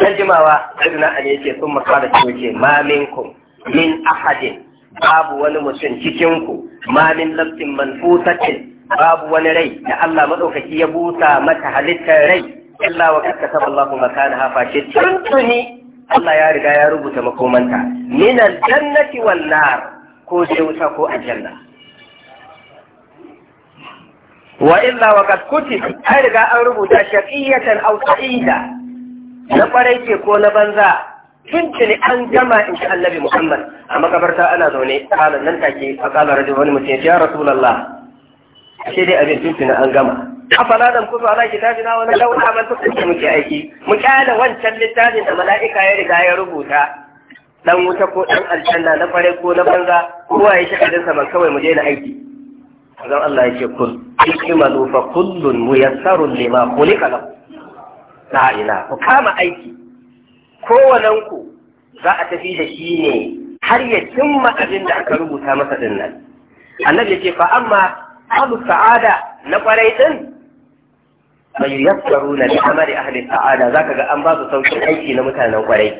kan jimawa sayyidina Ali yake sun makara ce wuce, ma min ahadin babu wani mutum cikinku ku ma min lafsin manfusatin babu wani rai da Allah madaukaki ya busa mata halittar rai illa wa kakkata Allahu makanaha fashe tuntuni Allah ya riga ya rubuta makomanta min aljannati wan ko sai wuta ko aljanna wa illa wa qad kutiba ai riga an rubuta shaqiyatan aw sa'ida na kwarai ce ko na banza tuntuni an gama in annabi Muhammad a makabarta ana zaune kalan nan take a kalar da wani mutum ya rasulullah ashe dai abin tuntun an gama afala dan kusa ala kitabina wa la amal tukun muke aiki mu kyala wancan littafin da mala'ika ya riga ya rubuta dan wuta ko dan aljanna na fare ko na banza kowa ya shi kadin saman kawai mu daina aiki zan Allah ya yake kul ikmalu fa kullun muyassarun lima khuliqa lahu la ila ku kama aiki kowannen ku za a tafi da shi ne har ya cimma abin da aka rubuta masa dinnan. nan annabi ce fa amma abu sa'ada na kwarai din bai yassaru na amari ahli sa'ada zaka ga an ba su sauƙin aiki na mutanen kwarai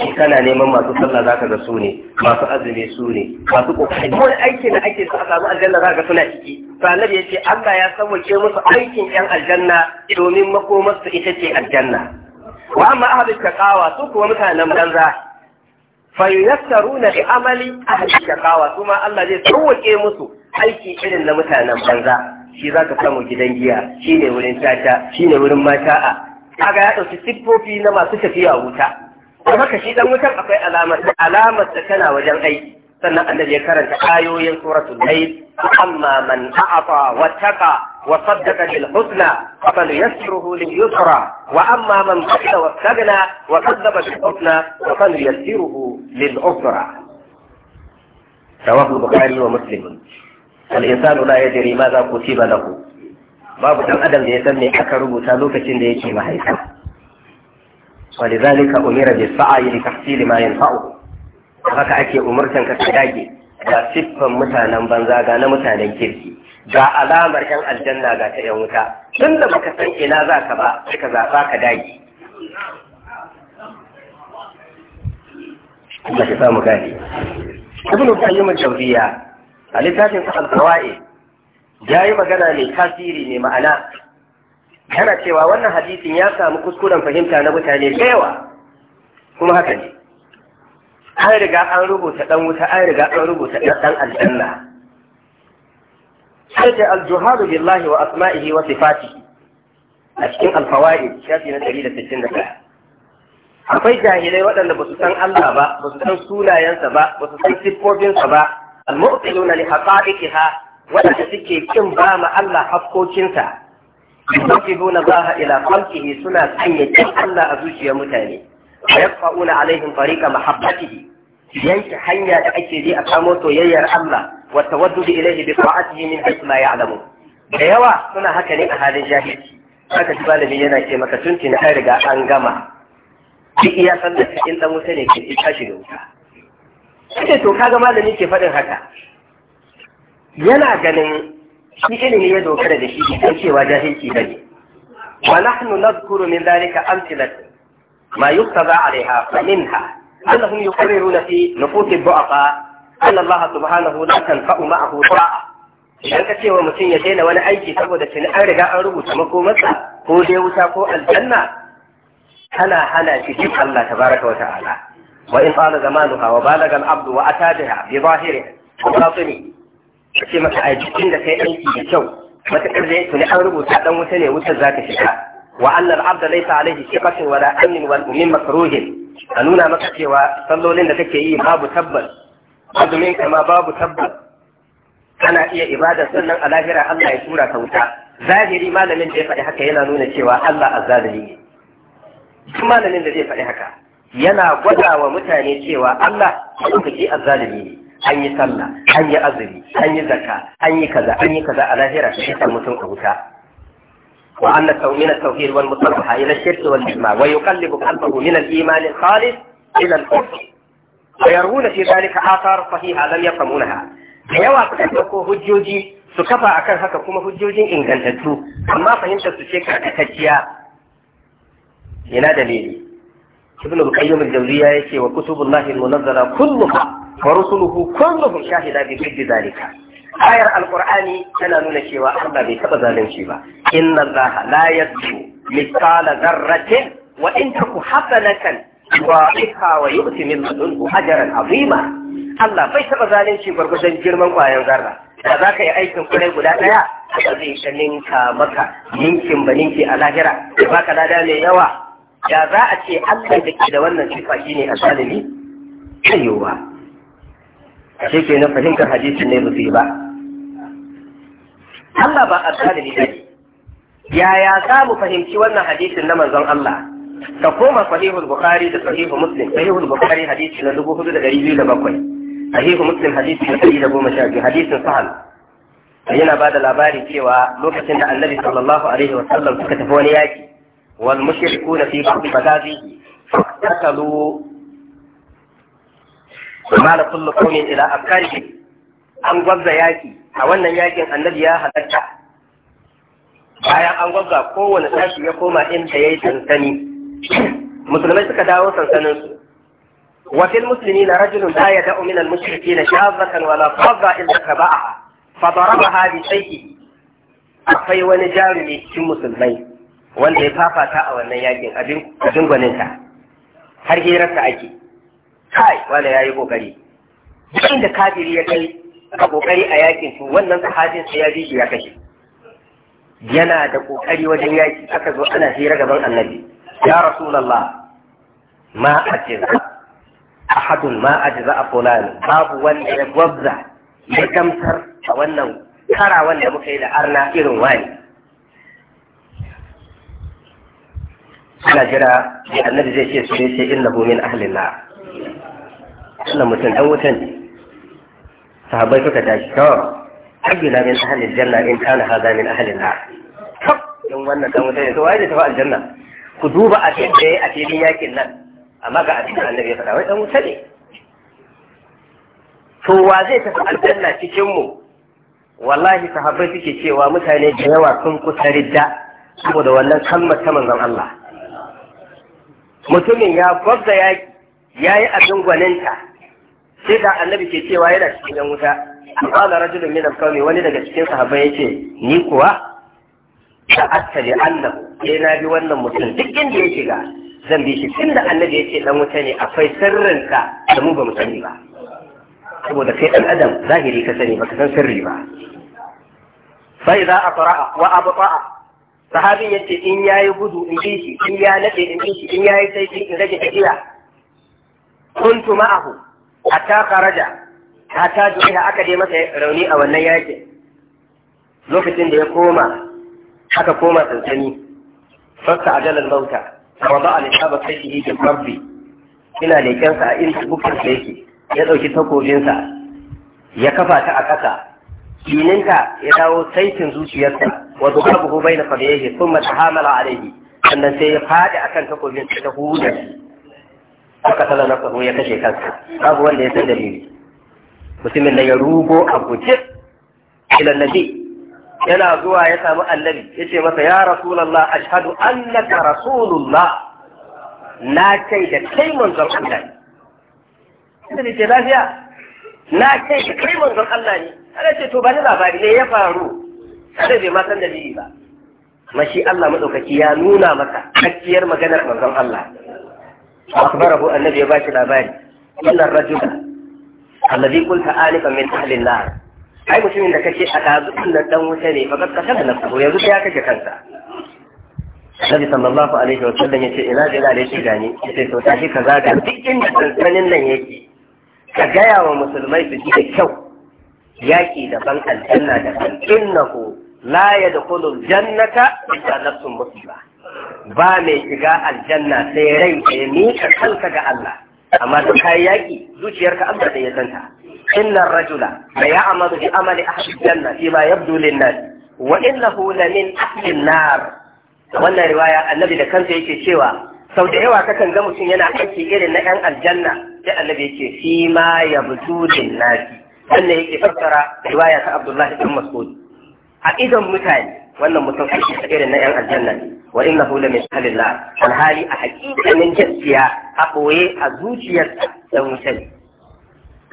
in kana neman masu sallah zaka ga su ne masu azumi su ne masu kokari duk wani aiki da ake so a samu aljanna zaka ga suna ciki to annabi yace Allah ya sauke musu aikin yan aljanna domin makomar su ita ce aljanna wa amma ahli taqawa su kuwa mutanen banza fa yuyassaruna bi amali ahli taqawa kuma Allah zai sauke musu aiki irin na mutanen banza shi za ka samu gidan giya shi ne wurin caca shi ne wurin mata a kaga ya ɗauki siffofi na masu tafiya wuta kuma haka shi dan wutan akwai alamar da alamar da tana wajen aiki sannan annabi ya karanta ayoyin suratul layl amma man a'ata wa taqa wa saddaqa bil husna fa falyasruhu lil yusra wa amma man bakhila wa stagna wa kadzaba bil husna fa falyasruhu lil usra rawahu bukhari wa muslim al'insanu la ya jiri ma za ku ci ba lahu babu ɗan adam da ya san me aka rubuta lokacin da yake mahaifa ولذلك أمر بالسعي لتحصيل ما ينفعه haka ake umurtan ka dage ga siffan mutanen banza ga na mutanen kirki ga alamar yan aljanna ga ta yan wuta tun da baka san ina za ka ba sai ka zaɓa ka dage Allah ya samu gani Ibn yi al-Jawziyya a littafin sa al ya yi magana mai tasiri mai ma'ana yana cewa wannan hadisin ya samu kuskuren fahimta na mutane da yawa kuma haka ne an riga an rubuta dan wuta an riga an rubuta dan aljanna sai al-juhadu billahi wa asma'ihi wa sifatihi a cikin al shafi na 161 akwai jahilai waɗanda ba su san Allah ba ba su san sunayensa ba ba su san siffofinsa ba al-mu'tiluna li haqa'iqiha wadanda suke kin ba ma Allah hakkokinsa yusibuna baha ila qalbihi suna sanya kin Allah a zuciyar mutane ويقطعون عليهم طريق محبته ينكي حنيا لأكي دي أقامو سويير الله والتودد إليه بطاعته من حيث ما يعلمون ديوا سنة هكني أهالي جاهل haka ji malami yana ce maka tun tina an riga an gama duk iya sallar cikin dan wuta ne ke da wuta Kace to kaga malami ke faɗin haka. Yana ganin shi ilimi ya dokara da shi kan cewa jahilci bane. Wa nahnu nadhkuru min dhalika amthilatan ma yuktaba 'alayha fa minha annahum yuqirruna fi nufusi du'afa anna Allah subhanahu la tanfa'u ma'ahu ta'a. Idan ka cewa mutum ya daina wani aiki saboda tuni an riga an rubuta makomarsa ko dai wuta ko aljanna kana hana shi duk Allah tabaraka wa ta'ala. وإن طال زمانها وبالغ العبد وأتى بها بظاهره وباطنه ce maka a jikin da kai aiki da kyau matuƙar da yake ne an rubuta dan wuta ne wutar za ta shiga wa annal abda laysa alaihi shiqatun wala amin wal min makruhin a nuna maka cewa sallolin da kake yi babu tabbas azumin kama babu tabbas kana iya ibada sannan a lahira Allah ya tura ka wuta zahiri malamin da ya faɗi haka yana nuna cewa Allah azzalimi ne malamin da zai faɗi haka yana gwada wa mutane cewa Allah ji azzalimi an yi sallah an yi azumi an yi zakka an yi kaza an yi kaza a lahira shi ta mutum a huta wa anna tawmin at-tawhid wal mutarraha ila ash-shirk wal ijma wa yuqallibu qalbahu min al-iman al-khalis ila al-kufr wa yaruna fi dhalika athar sahiha lam yafhamunaha da yawa suka dauko hujjoji su kafa akan haka kuma hujjojin ingantattu amma fahimtar su ce ka karkatacciya ina dalili ibn al-qayyim al-jawziyya yake wa kutubullahi al-munazzala kulluha wa rusuluhu kulluhum shahida bi biddi zalika ayar alqur'ani tana nuna cewa Allah bai taba zalunci ba inna allaha la yadhu mithqala dharratin wa in taku hasanatan yu'tiha wa yu'ti min ladunhu ajran 'azima Allah bai taba zalunci gwargwadon girman kwayan zarra da za ka yi aikin kurai guda ɗaya, da zai ninka maka ninkin baninki a lahira ba baka lada mai yawa ya za a ce Allah da ke da wannan sifa shine azalimi kayowa sai ke na fahimtar hadisin ne rufi ba Allah ba azalimi ba yaya za mu fahimci wannan hadisin na manzon Allah ka koma sahihul bukhari da sahihul muslim sahihul bukhari hadisi na dubu hudu da ɗari biyu da bakwai sahihul muslim hadisi na dari da goma sha biyu hadisin sahal yana ba da labari cewa lokacin da annabi sallallahu alaihi wa sallam suka tafi wani yaki والمشركون في بعض مذاهبه فاقتتلوا ومال كل قوم إلى أفكارهم an gwabza yaki a wannan yakin annabi ya halatta bayan an gwabza kowane sashi ya koma inda ya yi sansani musulmai suka dawo sansanin su wa fil muslimina rajulun la yada'u min al mushrikeena shadhatan wala fadha illa tabaha fa darabaha bi sayfihi akwai wani jarumi cikin musulmai wanda ya fafata a wannan yakin abin gwaninta har hirarsa ake kai wanda ya yi kokari duk inda kafiri ya kai a kokari a yakin su wannan sahabin sa ya bi ya kashe yana da kokari wajen yaki aka zo ana hira gaban annabi ya rasulullah ma ajiza ahadun ma ajiza a fulani babu wanda ya gwabza ya gamsar a wannan karawan da muka yi da arna irin wani ana jira da annabi zai ce su ne ce innahu min ahli na wannan mutum dan wutan sahabbai suka tashi kawai hajjina min ahli janna in kana haza min ahli na in wannan dan wutan ne to waye tafi aljanna ku duba a tsaye a filin yakin nan amma ga abin da annabi ya faɗa wai dan wuta ne to wa zai tafi aljanna cikin mu wallahi sahabbai suke cewa mutane da yawa sun kusa ridda saboda wannan kalmar ta manzon Allah mutumin ya gwabza yaƙi ya yi abin gwaninta sai da annabi ke cewa yana cikin yan wuta qala rajulun min al-qawmi wani daga cikin ya ce ni kuwa da asali Allah sai eh, na bi wannan mutum duk inda ya shiga zan bi shi tunda annabi yace dan wuta ne akwai sirrinka da mu ba mu sani ba saboda kai dan adam zahiri ka sani baka san sirri ba fa idza aqra'a wa abta'a sahabin ya ce in yi gudu in ji shi in ya nade in ji shi in yi sai in rage tafiya kuntu ma'ahu hatta kharaja hatta juha aka dai masa rauni a wannan yakin lokacin da ya koma aka koma sansani fasta ajalan bauta wa ba al kai kashihi yake rabbi ina leƙensa a inda bukin yake ya ɗauki takobinsa ya kafa ta a ƙasa Dininka ya dawo saitin zuciyarsa wa zubabuhu baina qadayhi hamala a alayhi sannan sai ya a akan takobin ta huda aka tala na ya kashe kansa babu wanda ya san dalili mutumin nan ya rugo a guje ila nabi yana zuwa ya samu annabi yace masa ya rasulullah ashhadu annaka rasulullah na kai da kai manzon Allah ne. Sai ce lafiya na kai da kai manzon Allah ne. ana ce to ba ni labari ne ya faru kada bai ma san dalili ba mashi Allah madaukaki ya nuna maka kakkiyar maganar manzon Allah akbarahu annabi ya bashi labari innar rajula alladhi qulta alifa min ahli an-nar ai mutumin da kace a dazun nan dan wuta ne fa kakkasha da nafsu yanzu ya kace kansa Nabi sallallahu alaihi wa sallam yace ina da ina da shi gani sai to tashi kaza ga duk inda sansanin nan yake ka gaya wa musulmai su ji da kyau yaki daban aljanna daban innahu la yadkhulu aljannata illa nafsun muslima ba mai shiga aljanna sai rai ya mika kanka ga Allah amma duk kai yaki zuciyarka Allah da ya santa inna rajula la ya'malu bi amali ahli aljanna fi ma yabdu lin nas wa innahu la min ahli an-nar wannan riwaya annabi da kansa yake cewa sau da yawa kakan ga mutum yana aiki irin na 'yan aljanna sai annabi yake fi ma yabdu lin nas sannan yake fassara riwaya ta Abdullahi bin Mas'ud a idan mutane wannan mutum aiki ta irin na yan aljanna wa innahu la min ahlillah alhali a hakikanin gaskiya a boye a zuciyarsa da wuce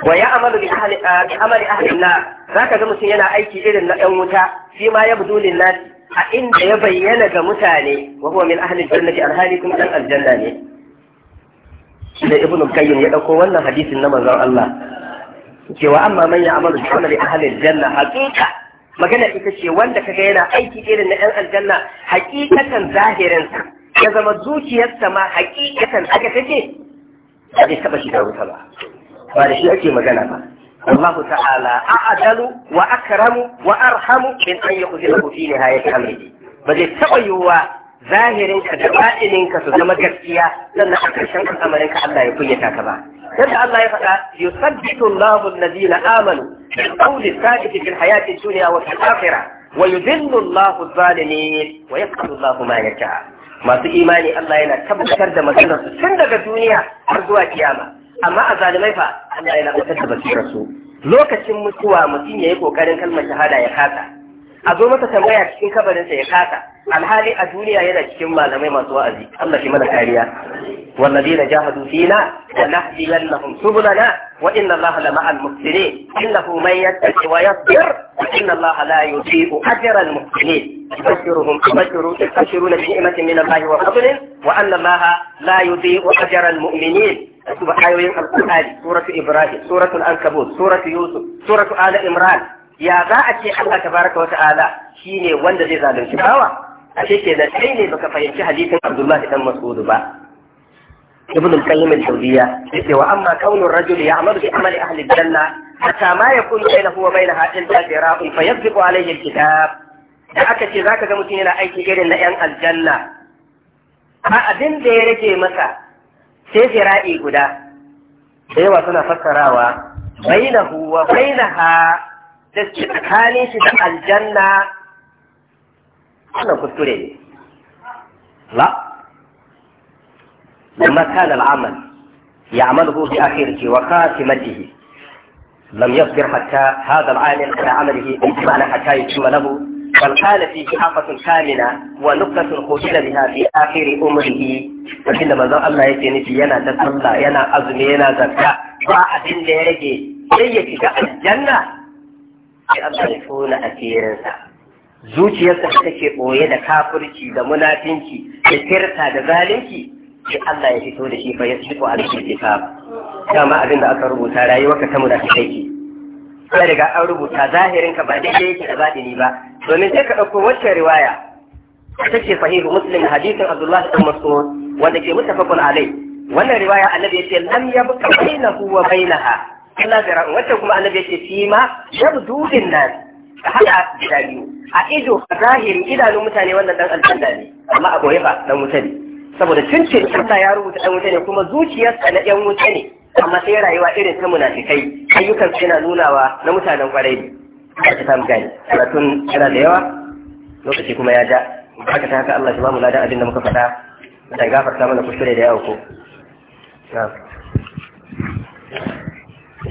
wa ya amalu bi ahli bi amali ahli na zaka ga mutum yana aiki irin na yan wuta shi ma ya budu lin nas a inda ya bayyana ga mutane wa huwa min ahli aljannati alhali kuma dan aljanna ne da ibnu qayyim ya dauko wannan hadisin na manzon Allah cewa amma man ya'malu bi amali ahli aljanna haqiqa magana ita ce wanda kaga yana aiki irin na yan aljanna haqiqatan zahirin ya zama zuciyarsa ma haqiqatan aka take ba zai taɓa shiga wuta ba ba da shi ake magana ba الله تعالى أعدل وأكرم وأرحم من أن يخذله في نهاية أمره بل التقيوا ظاهر كدبائن كتزم جسيا لأن أكشن أمرك ألا يكون يتاكبا yadda Allah ya faɗa yusabbitu Allahu alladhina amanu bil qawli thabit fil hayati dunya wa fil akhirah wa yudhillu Allahu adh-dhalimin wa yaqulu Allahu ma yasha masu imani Allah yana tabbatar da maganar su tun daga duniya har zuwa kiyama amma a zalimai fa Allah yana tabbatar da basirar su lokacin mutuwa mutum yayi kokarin kalmar shahada ya kasa a zo tambaya cikin kabarinsa ya kasa alhali a duniya yana cikin malamai masu wa'azi Allah shi mana kariya والذين جاهدوا فينا لنهدينهم سبلنا وان الله لمع المحسنين انه من يتق ويصبر وإن الله لا يضيء اجر المحسنين يبشرهم يبشرون بنعمه من الله وفضل وان الله لا يضيء اجر المؤمنين سبحانه القران سوره ابراهيم سوره العنكبوت سوره يوسف سوره ال عمران ya za a ce Allah tabaraka wa ta'ala shine wanda zai zalunci bawa ashe ke da kai ne baka fahimci hadisin Abdullahi dan Mas'ud ba ibn al-qayyim al-jawziyya yace wa amma kaunu ar-rajul ya'malu bi amali ahli al-janna hatta ma yakunu bainahu wa bainaha illa zira'un fayadziqu alayhi al-kitab da aka ce zaka ga mutum yana aiki irin na yan aljanna a abin da ya rage masa sai zira'i guda da yawa suna fassarawa bainahu wa bainaha da suke tsakanin shi da aljanna لما كان العمل يعمله في آخره وخاتمته لم يصبر حتى هذا العامل على عمله بمعنى حتى يتم له بل كان فيه حافة كاملة ونقطة خوشل بها في آخر أمره وكل ما الله يتيني في ينا تتلى ينا أزمي ينا زكاة ضاعة ليرجي سيكي الجنة sai Allah ya a asirinsa zuciyarsa da take ɓoye da kafirci da munafinci da kirta da zalunci sai Allah ya fito da shi fa ya fito a cikin kitab dama abin da aka rubuta rayuwarka ta munafikai ki sai daga an rubuta zahirin ka ba daidai yake da ni ba domin sai ka ɗauko wacce riwaya ta ce sahihu muslim hadisin abdullahi bin mas'ud wanda ke mutafakun alai wannan riwaya annabi ya ce lam yabqa bainahu wa bainaha Allah da ra'un wancan kuma annabi yake fi ma yabdu lin nas ka hada gida biyu a ido a zahirin idanun mutane wannan dan aljanna ne amma a goye ba dan wuta ne saboda tuncin Allah ya rubuta dan wuta ne kuma zuciyarsa na yan wuta ne amma sai rayuwa irin ta munafikai ayyukan su yana nunawa na mutanen kwarai ne ka ta samu gani karatun yana da yawa lokaci kuma ya ja haka ta haka Allah shi ba mu ladan abin da muka faɗa da gafarta mana kuskure da yawa ko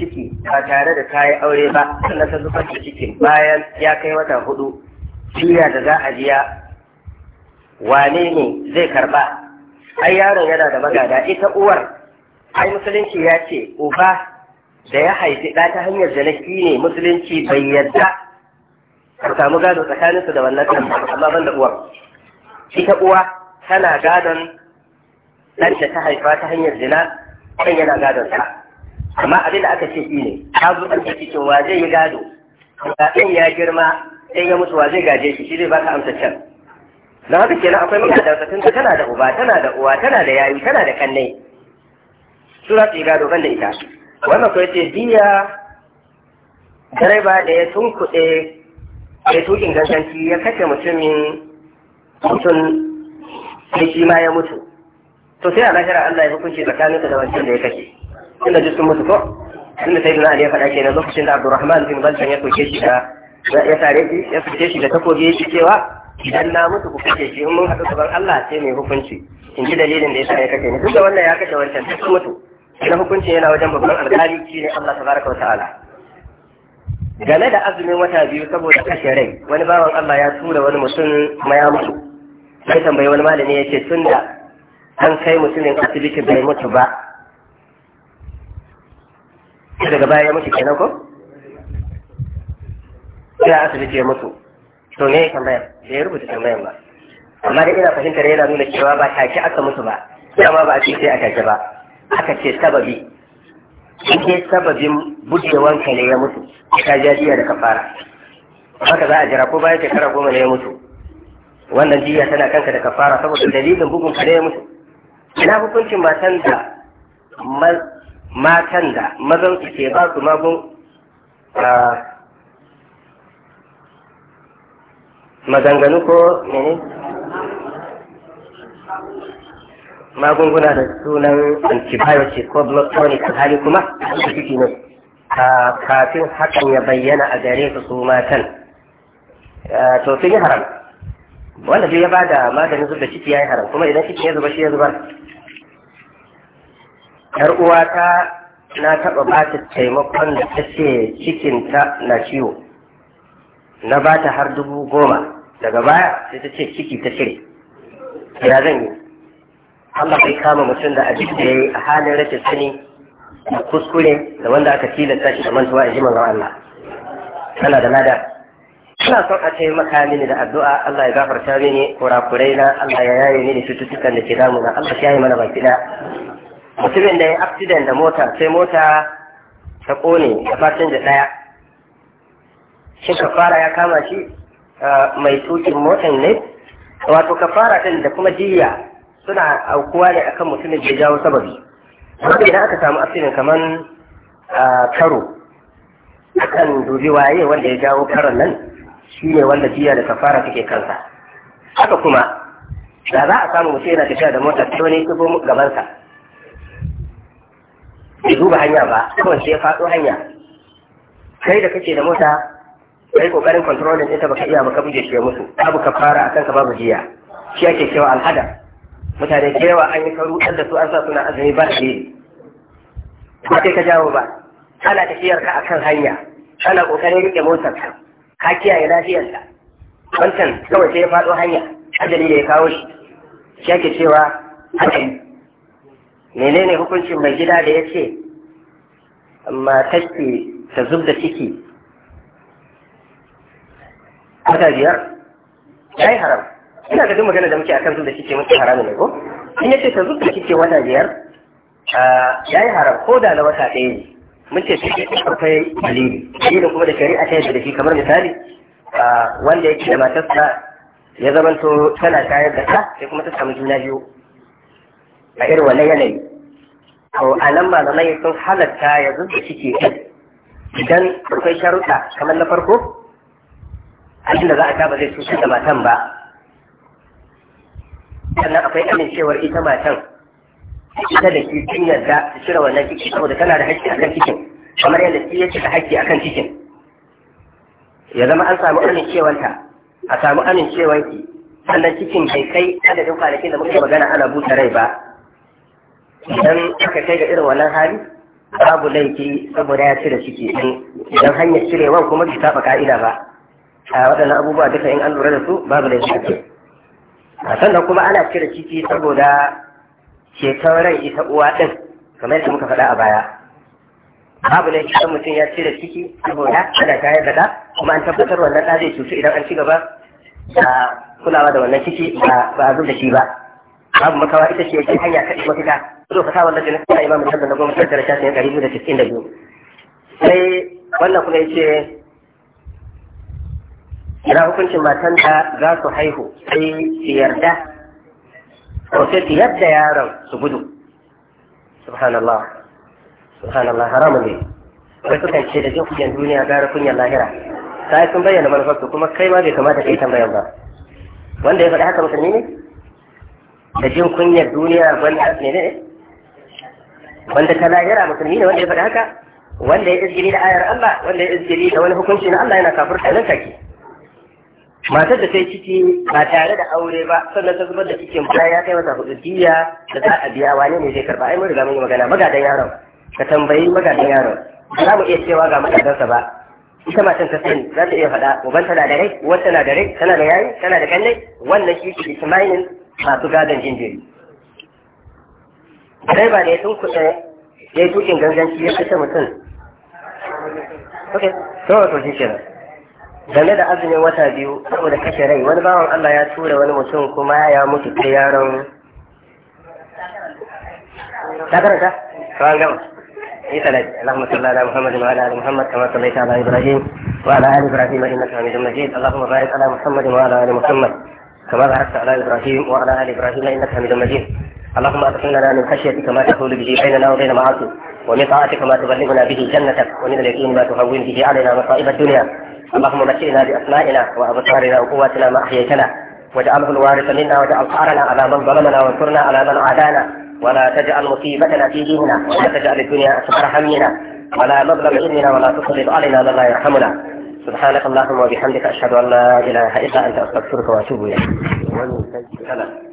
ciki ba tare da ta yi aure ba na ta zubar da ciki. bayan ya kai wata hudu jiya da za a biya wane ne zai karba ai yaron yana da magada ita uwar ai musulunci ya ce uba da ya haifi ɗa ta hanyar janaki ne musulunci bai yadda ka samu gado tsakaninsu da wannan kan amma ban da uwar ita uwa tana gadon ɗan da ta haifa ta hanyar zina ɗan yana gadon sa amma abin da aka ce shi ne ta zo an ce wa zai yi gado ba ɗin ya girma in ya mutu wa zai gaje shi shi zai baka amsa can na haka kenan akwai mutane da ta tana da uba tana da uwa tana da yayi tana da kannai su za su yi gado ban da ita wannan ko yace biya direba da ya kuɗe, ya tukin ganganci ya kashe mutumin mutum da shi ma ya mutu to sai a lahira Allah ya hukunci tsakaninsa da wancan da ya kashe tunda duk sun mutu ko tunda sai da Ali ya faɗa kenan lokacin da Abdurrahman bin Balkan ya soke shi da ya tare shi ya soke shi da takobi yake cewa idan na mutu ku kace shi in mun haɗu gaban Allah sai mai hukunci in ji dalilin da ya sa ya kace ni duk da wannan ya kashe wancan duk sun mutu na hukunci yana wajen babban alƙali shi ne Allah tabaraka wa ta'ala game da azumin wata biyu saboda kashe rai wani bawan Allah ya tura wani mutum kuma ya mutu sai tambayi wani malami ya ce tunda an kai mutumin asibiti bai mutu ba daga baya ya mutu kenan ko ya asibiti ya mutu to ne ya tambaya da ya rubuta tambayan ba amma dai ina fahimtar yana nuna cewa ba take aka mutu ba amma ba a ce sai a take ba aka ce sababi in ke sababin budewan ka ne ya mutu ka ja jiya da kafara haka za a jira ko bayan shekara goma ne ya mutu wannan jiya tana kanka da kafara saboda dalilin bugun ka ne ya mutu ina hukuncin matan da matan da mazan su ke ba su magun maganganu ko ne magunguna da sunan antibiotic ko blood tonic hali kuma su ciki ne kafin hakan ya bayyana a gare su su matan to sun yi haram wanda ya ba da maganin zuba ciki ya yi haram kuma idan ciki ya zuba shi ya zuba. yar uwata na taɓa ba ta taimakon da ta ce cikinta na ciwo na ba ta har dubu goma daga baya sai ta ce ciki ta cire ya zan yi Allah bai kama mutum da abin da ya yi a halin rashin sani da kuskure da wanda aka tilasta shi da mantuwa in ji ga Allah tana da lada ina son a ce maka mini da addu'a Allah ya gafarta mini kurakurai na Allah ya yaye mini cututtukan da ke na Allah ya yi mana baki ɗaya mutumin da ya accident da mota sai mota ta kone da fasinja ɗaya shin kafara ya kama shi eh, mai tukin motan ne wato kafara din da kuma jiya suna aukuwa ne akan mutumin da ya jawo sababi wanda idan aka samu accident kaman eh, karo akan dubi waye wanda ya jawo karon nan shi ne wanda jiya da kafara take kansa haka kuma da za a samu mutum yana tafiya da mota ta wani gabansa bai duba hanya ba kawai sai ya faɗo hanya kai da kake da mota kai kokarin controlling ita baka iya baka buje shi ya mutu babu ka fara akan ka babu jiya shi ake cewa alhada mutane da yawa an yi karu da su an sa suna azumi ba shi ba kai ka jawo ba ana tafiyar ka akan hanya ana kokarin rike motar ka ka kiyaye lafiyarka wancan kawai sai ya faɗo hanya ajali da ya kawo shi shi ake cewa haɗari menene hukuncin mai gida da ya ce take ta zub da ciki wata biyar ya yi haram ina ga duk magana da muke akan zub da ciki mutum haramun ne ko in ya ce ta zub da ciki wata biyar ya yi haram ko da na wata ɗaya ne mun ce ciki akwai dalili dalilin kuma da shari'a ta yadda da shi kamar misali wanda yake da matarsa ya zamanto tana shayar da ta sai kuma ta samu juna biyu a irin wannan yanayi to a nan malamai sun halatta ya zuba ciki idan akwai sharuɗa kamar na farko abin da za a ba zai cutar da matan ba sannan akwai amincewar ita matan ita da shi sun yarda su cire wannan ciki saboda tana da haƙƙi akan cikin kamar yadda shi ya cika haƙƙi akan cikin ya zama an samu amincewarta a samu amincewarki sannan cikin bai kai adadin kwanakin da muke magana ana buta rai ba idan aka kai ga irin wannan hali babu laifi saboda ya cire ciki idan hanyar cirewan kuma bai saba ka'ida ba a waɗannan abubuwa duka in an lura da su babu laifi a sannan kuma ana cire ciki saboda ceton rai ita uwa ɗin kamar yadda muka faɗa a baya babu laifi kan mutum ya cire ciki saboda ana shayar da ɗa kuma an tabbatar wannan ɗa zai cutu idan an ci gaba da kulawa da wannan ciki ba a zuba da shi ba babu makawa ita ce yake hanya kaɗai mafita zo ka wanda jini kuma imamu da na goma tattara shafi ya ɗari da cikin da biyu sai wannan kuma yace ina hukuncin matan da za su haihu sai su yarda ko sai su yarda yaron su gudu subhanallah subhanallah haramun ne wai sukan ce da jin kunyan duniya gara kunyan lahira sai sun bayyana manufarsu kuma kai ma bai kamata kai tambayan ba wanda ya faɗi haka musulmi ne da jin kunyar duniya wanda ne ne wanda kana lahira musulmi ne wanda ya faɗi haka wanda ya izgiri da ayar Allah wanda ya izgiri da wani hukunci na Allah yana da nan take matar da ta yi ciki ba tare da aure ba sannan ta zubar da cikin bayan ya kai mata hudu diya da za a biya wane ne zai karba ai mun riga mun yi magana magadan yaron ka tambayi magadan yaron ba za mu iya cewa ga magadansa ba ita matan ta sani za ta iya faɗa uban tana da rai uwar tana da rai tana da yayi tana da kannai wannan shi ke determining masu gadon jinjiri dai ba da ya tun kuɗe ya yi tukin ganganci ya fi ta mutum. Ok, sun wato shi kira. Game da azumin wata biyu saboda kashe rai wani bawan Allah ya tura wani mutum kuma ya ya mutu ta yaron. Ta karanta? Ta an gama. Ni salat. Allahumma salli ala Muhammad wa ala ali Muhammad kama sallaita ala Ibrahim wa ala ali Ibrahim innaka Hamidum Majid. Allahumma barik ala Muhammad wa ala ali Muhammad kama barakta ala Ibrahim wa ala ali Ibrahim innaka Hamidum Majid. اللهم ادخلنا لنا من خشيتك ما تحول به بيننا وبين معاصيك ومن طاعتك ما تبلغنا به جنتك ومن اليقين ما تهون به علينا مصائب الدنيا اللهم متئنا باسمائنا وابصارنا وقواتنا ما احييتنا واجعله الوارث منا واجعل ثارنا على من ظلمنا وانصرنا على من عادانا ولا تجعل مصيبتنا في ديننا ولا تجعل الدنيا اكبر همنا ولا مظلم علمنا ولا تسلط علينا من لا يرحمنا سبحانك اللهم وبحمدك اشهد ان لا اله الا انت استغفرك واتوب اليك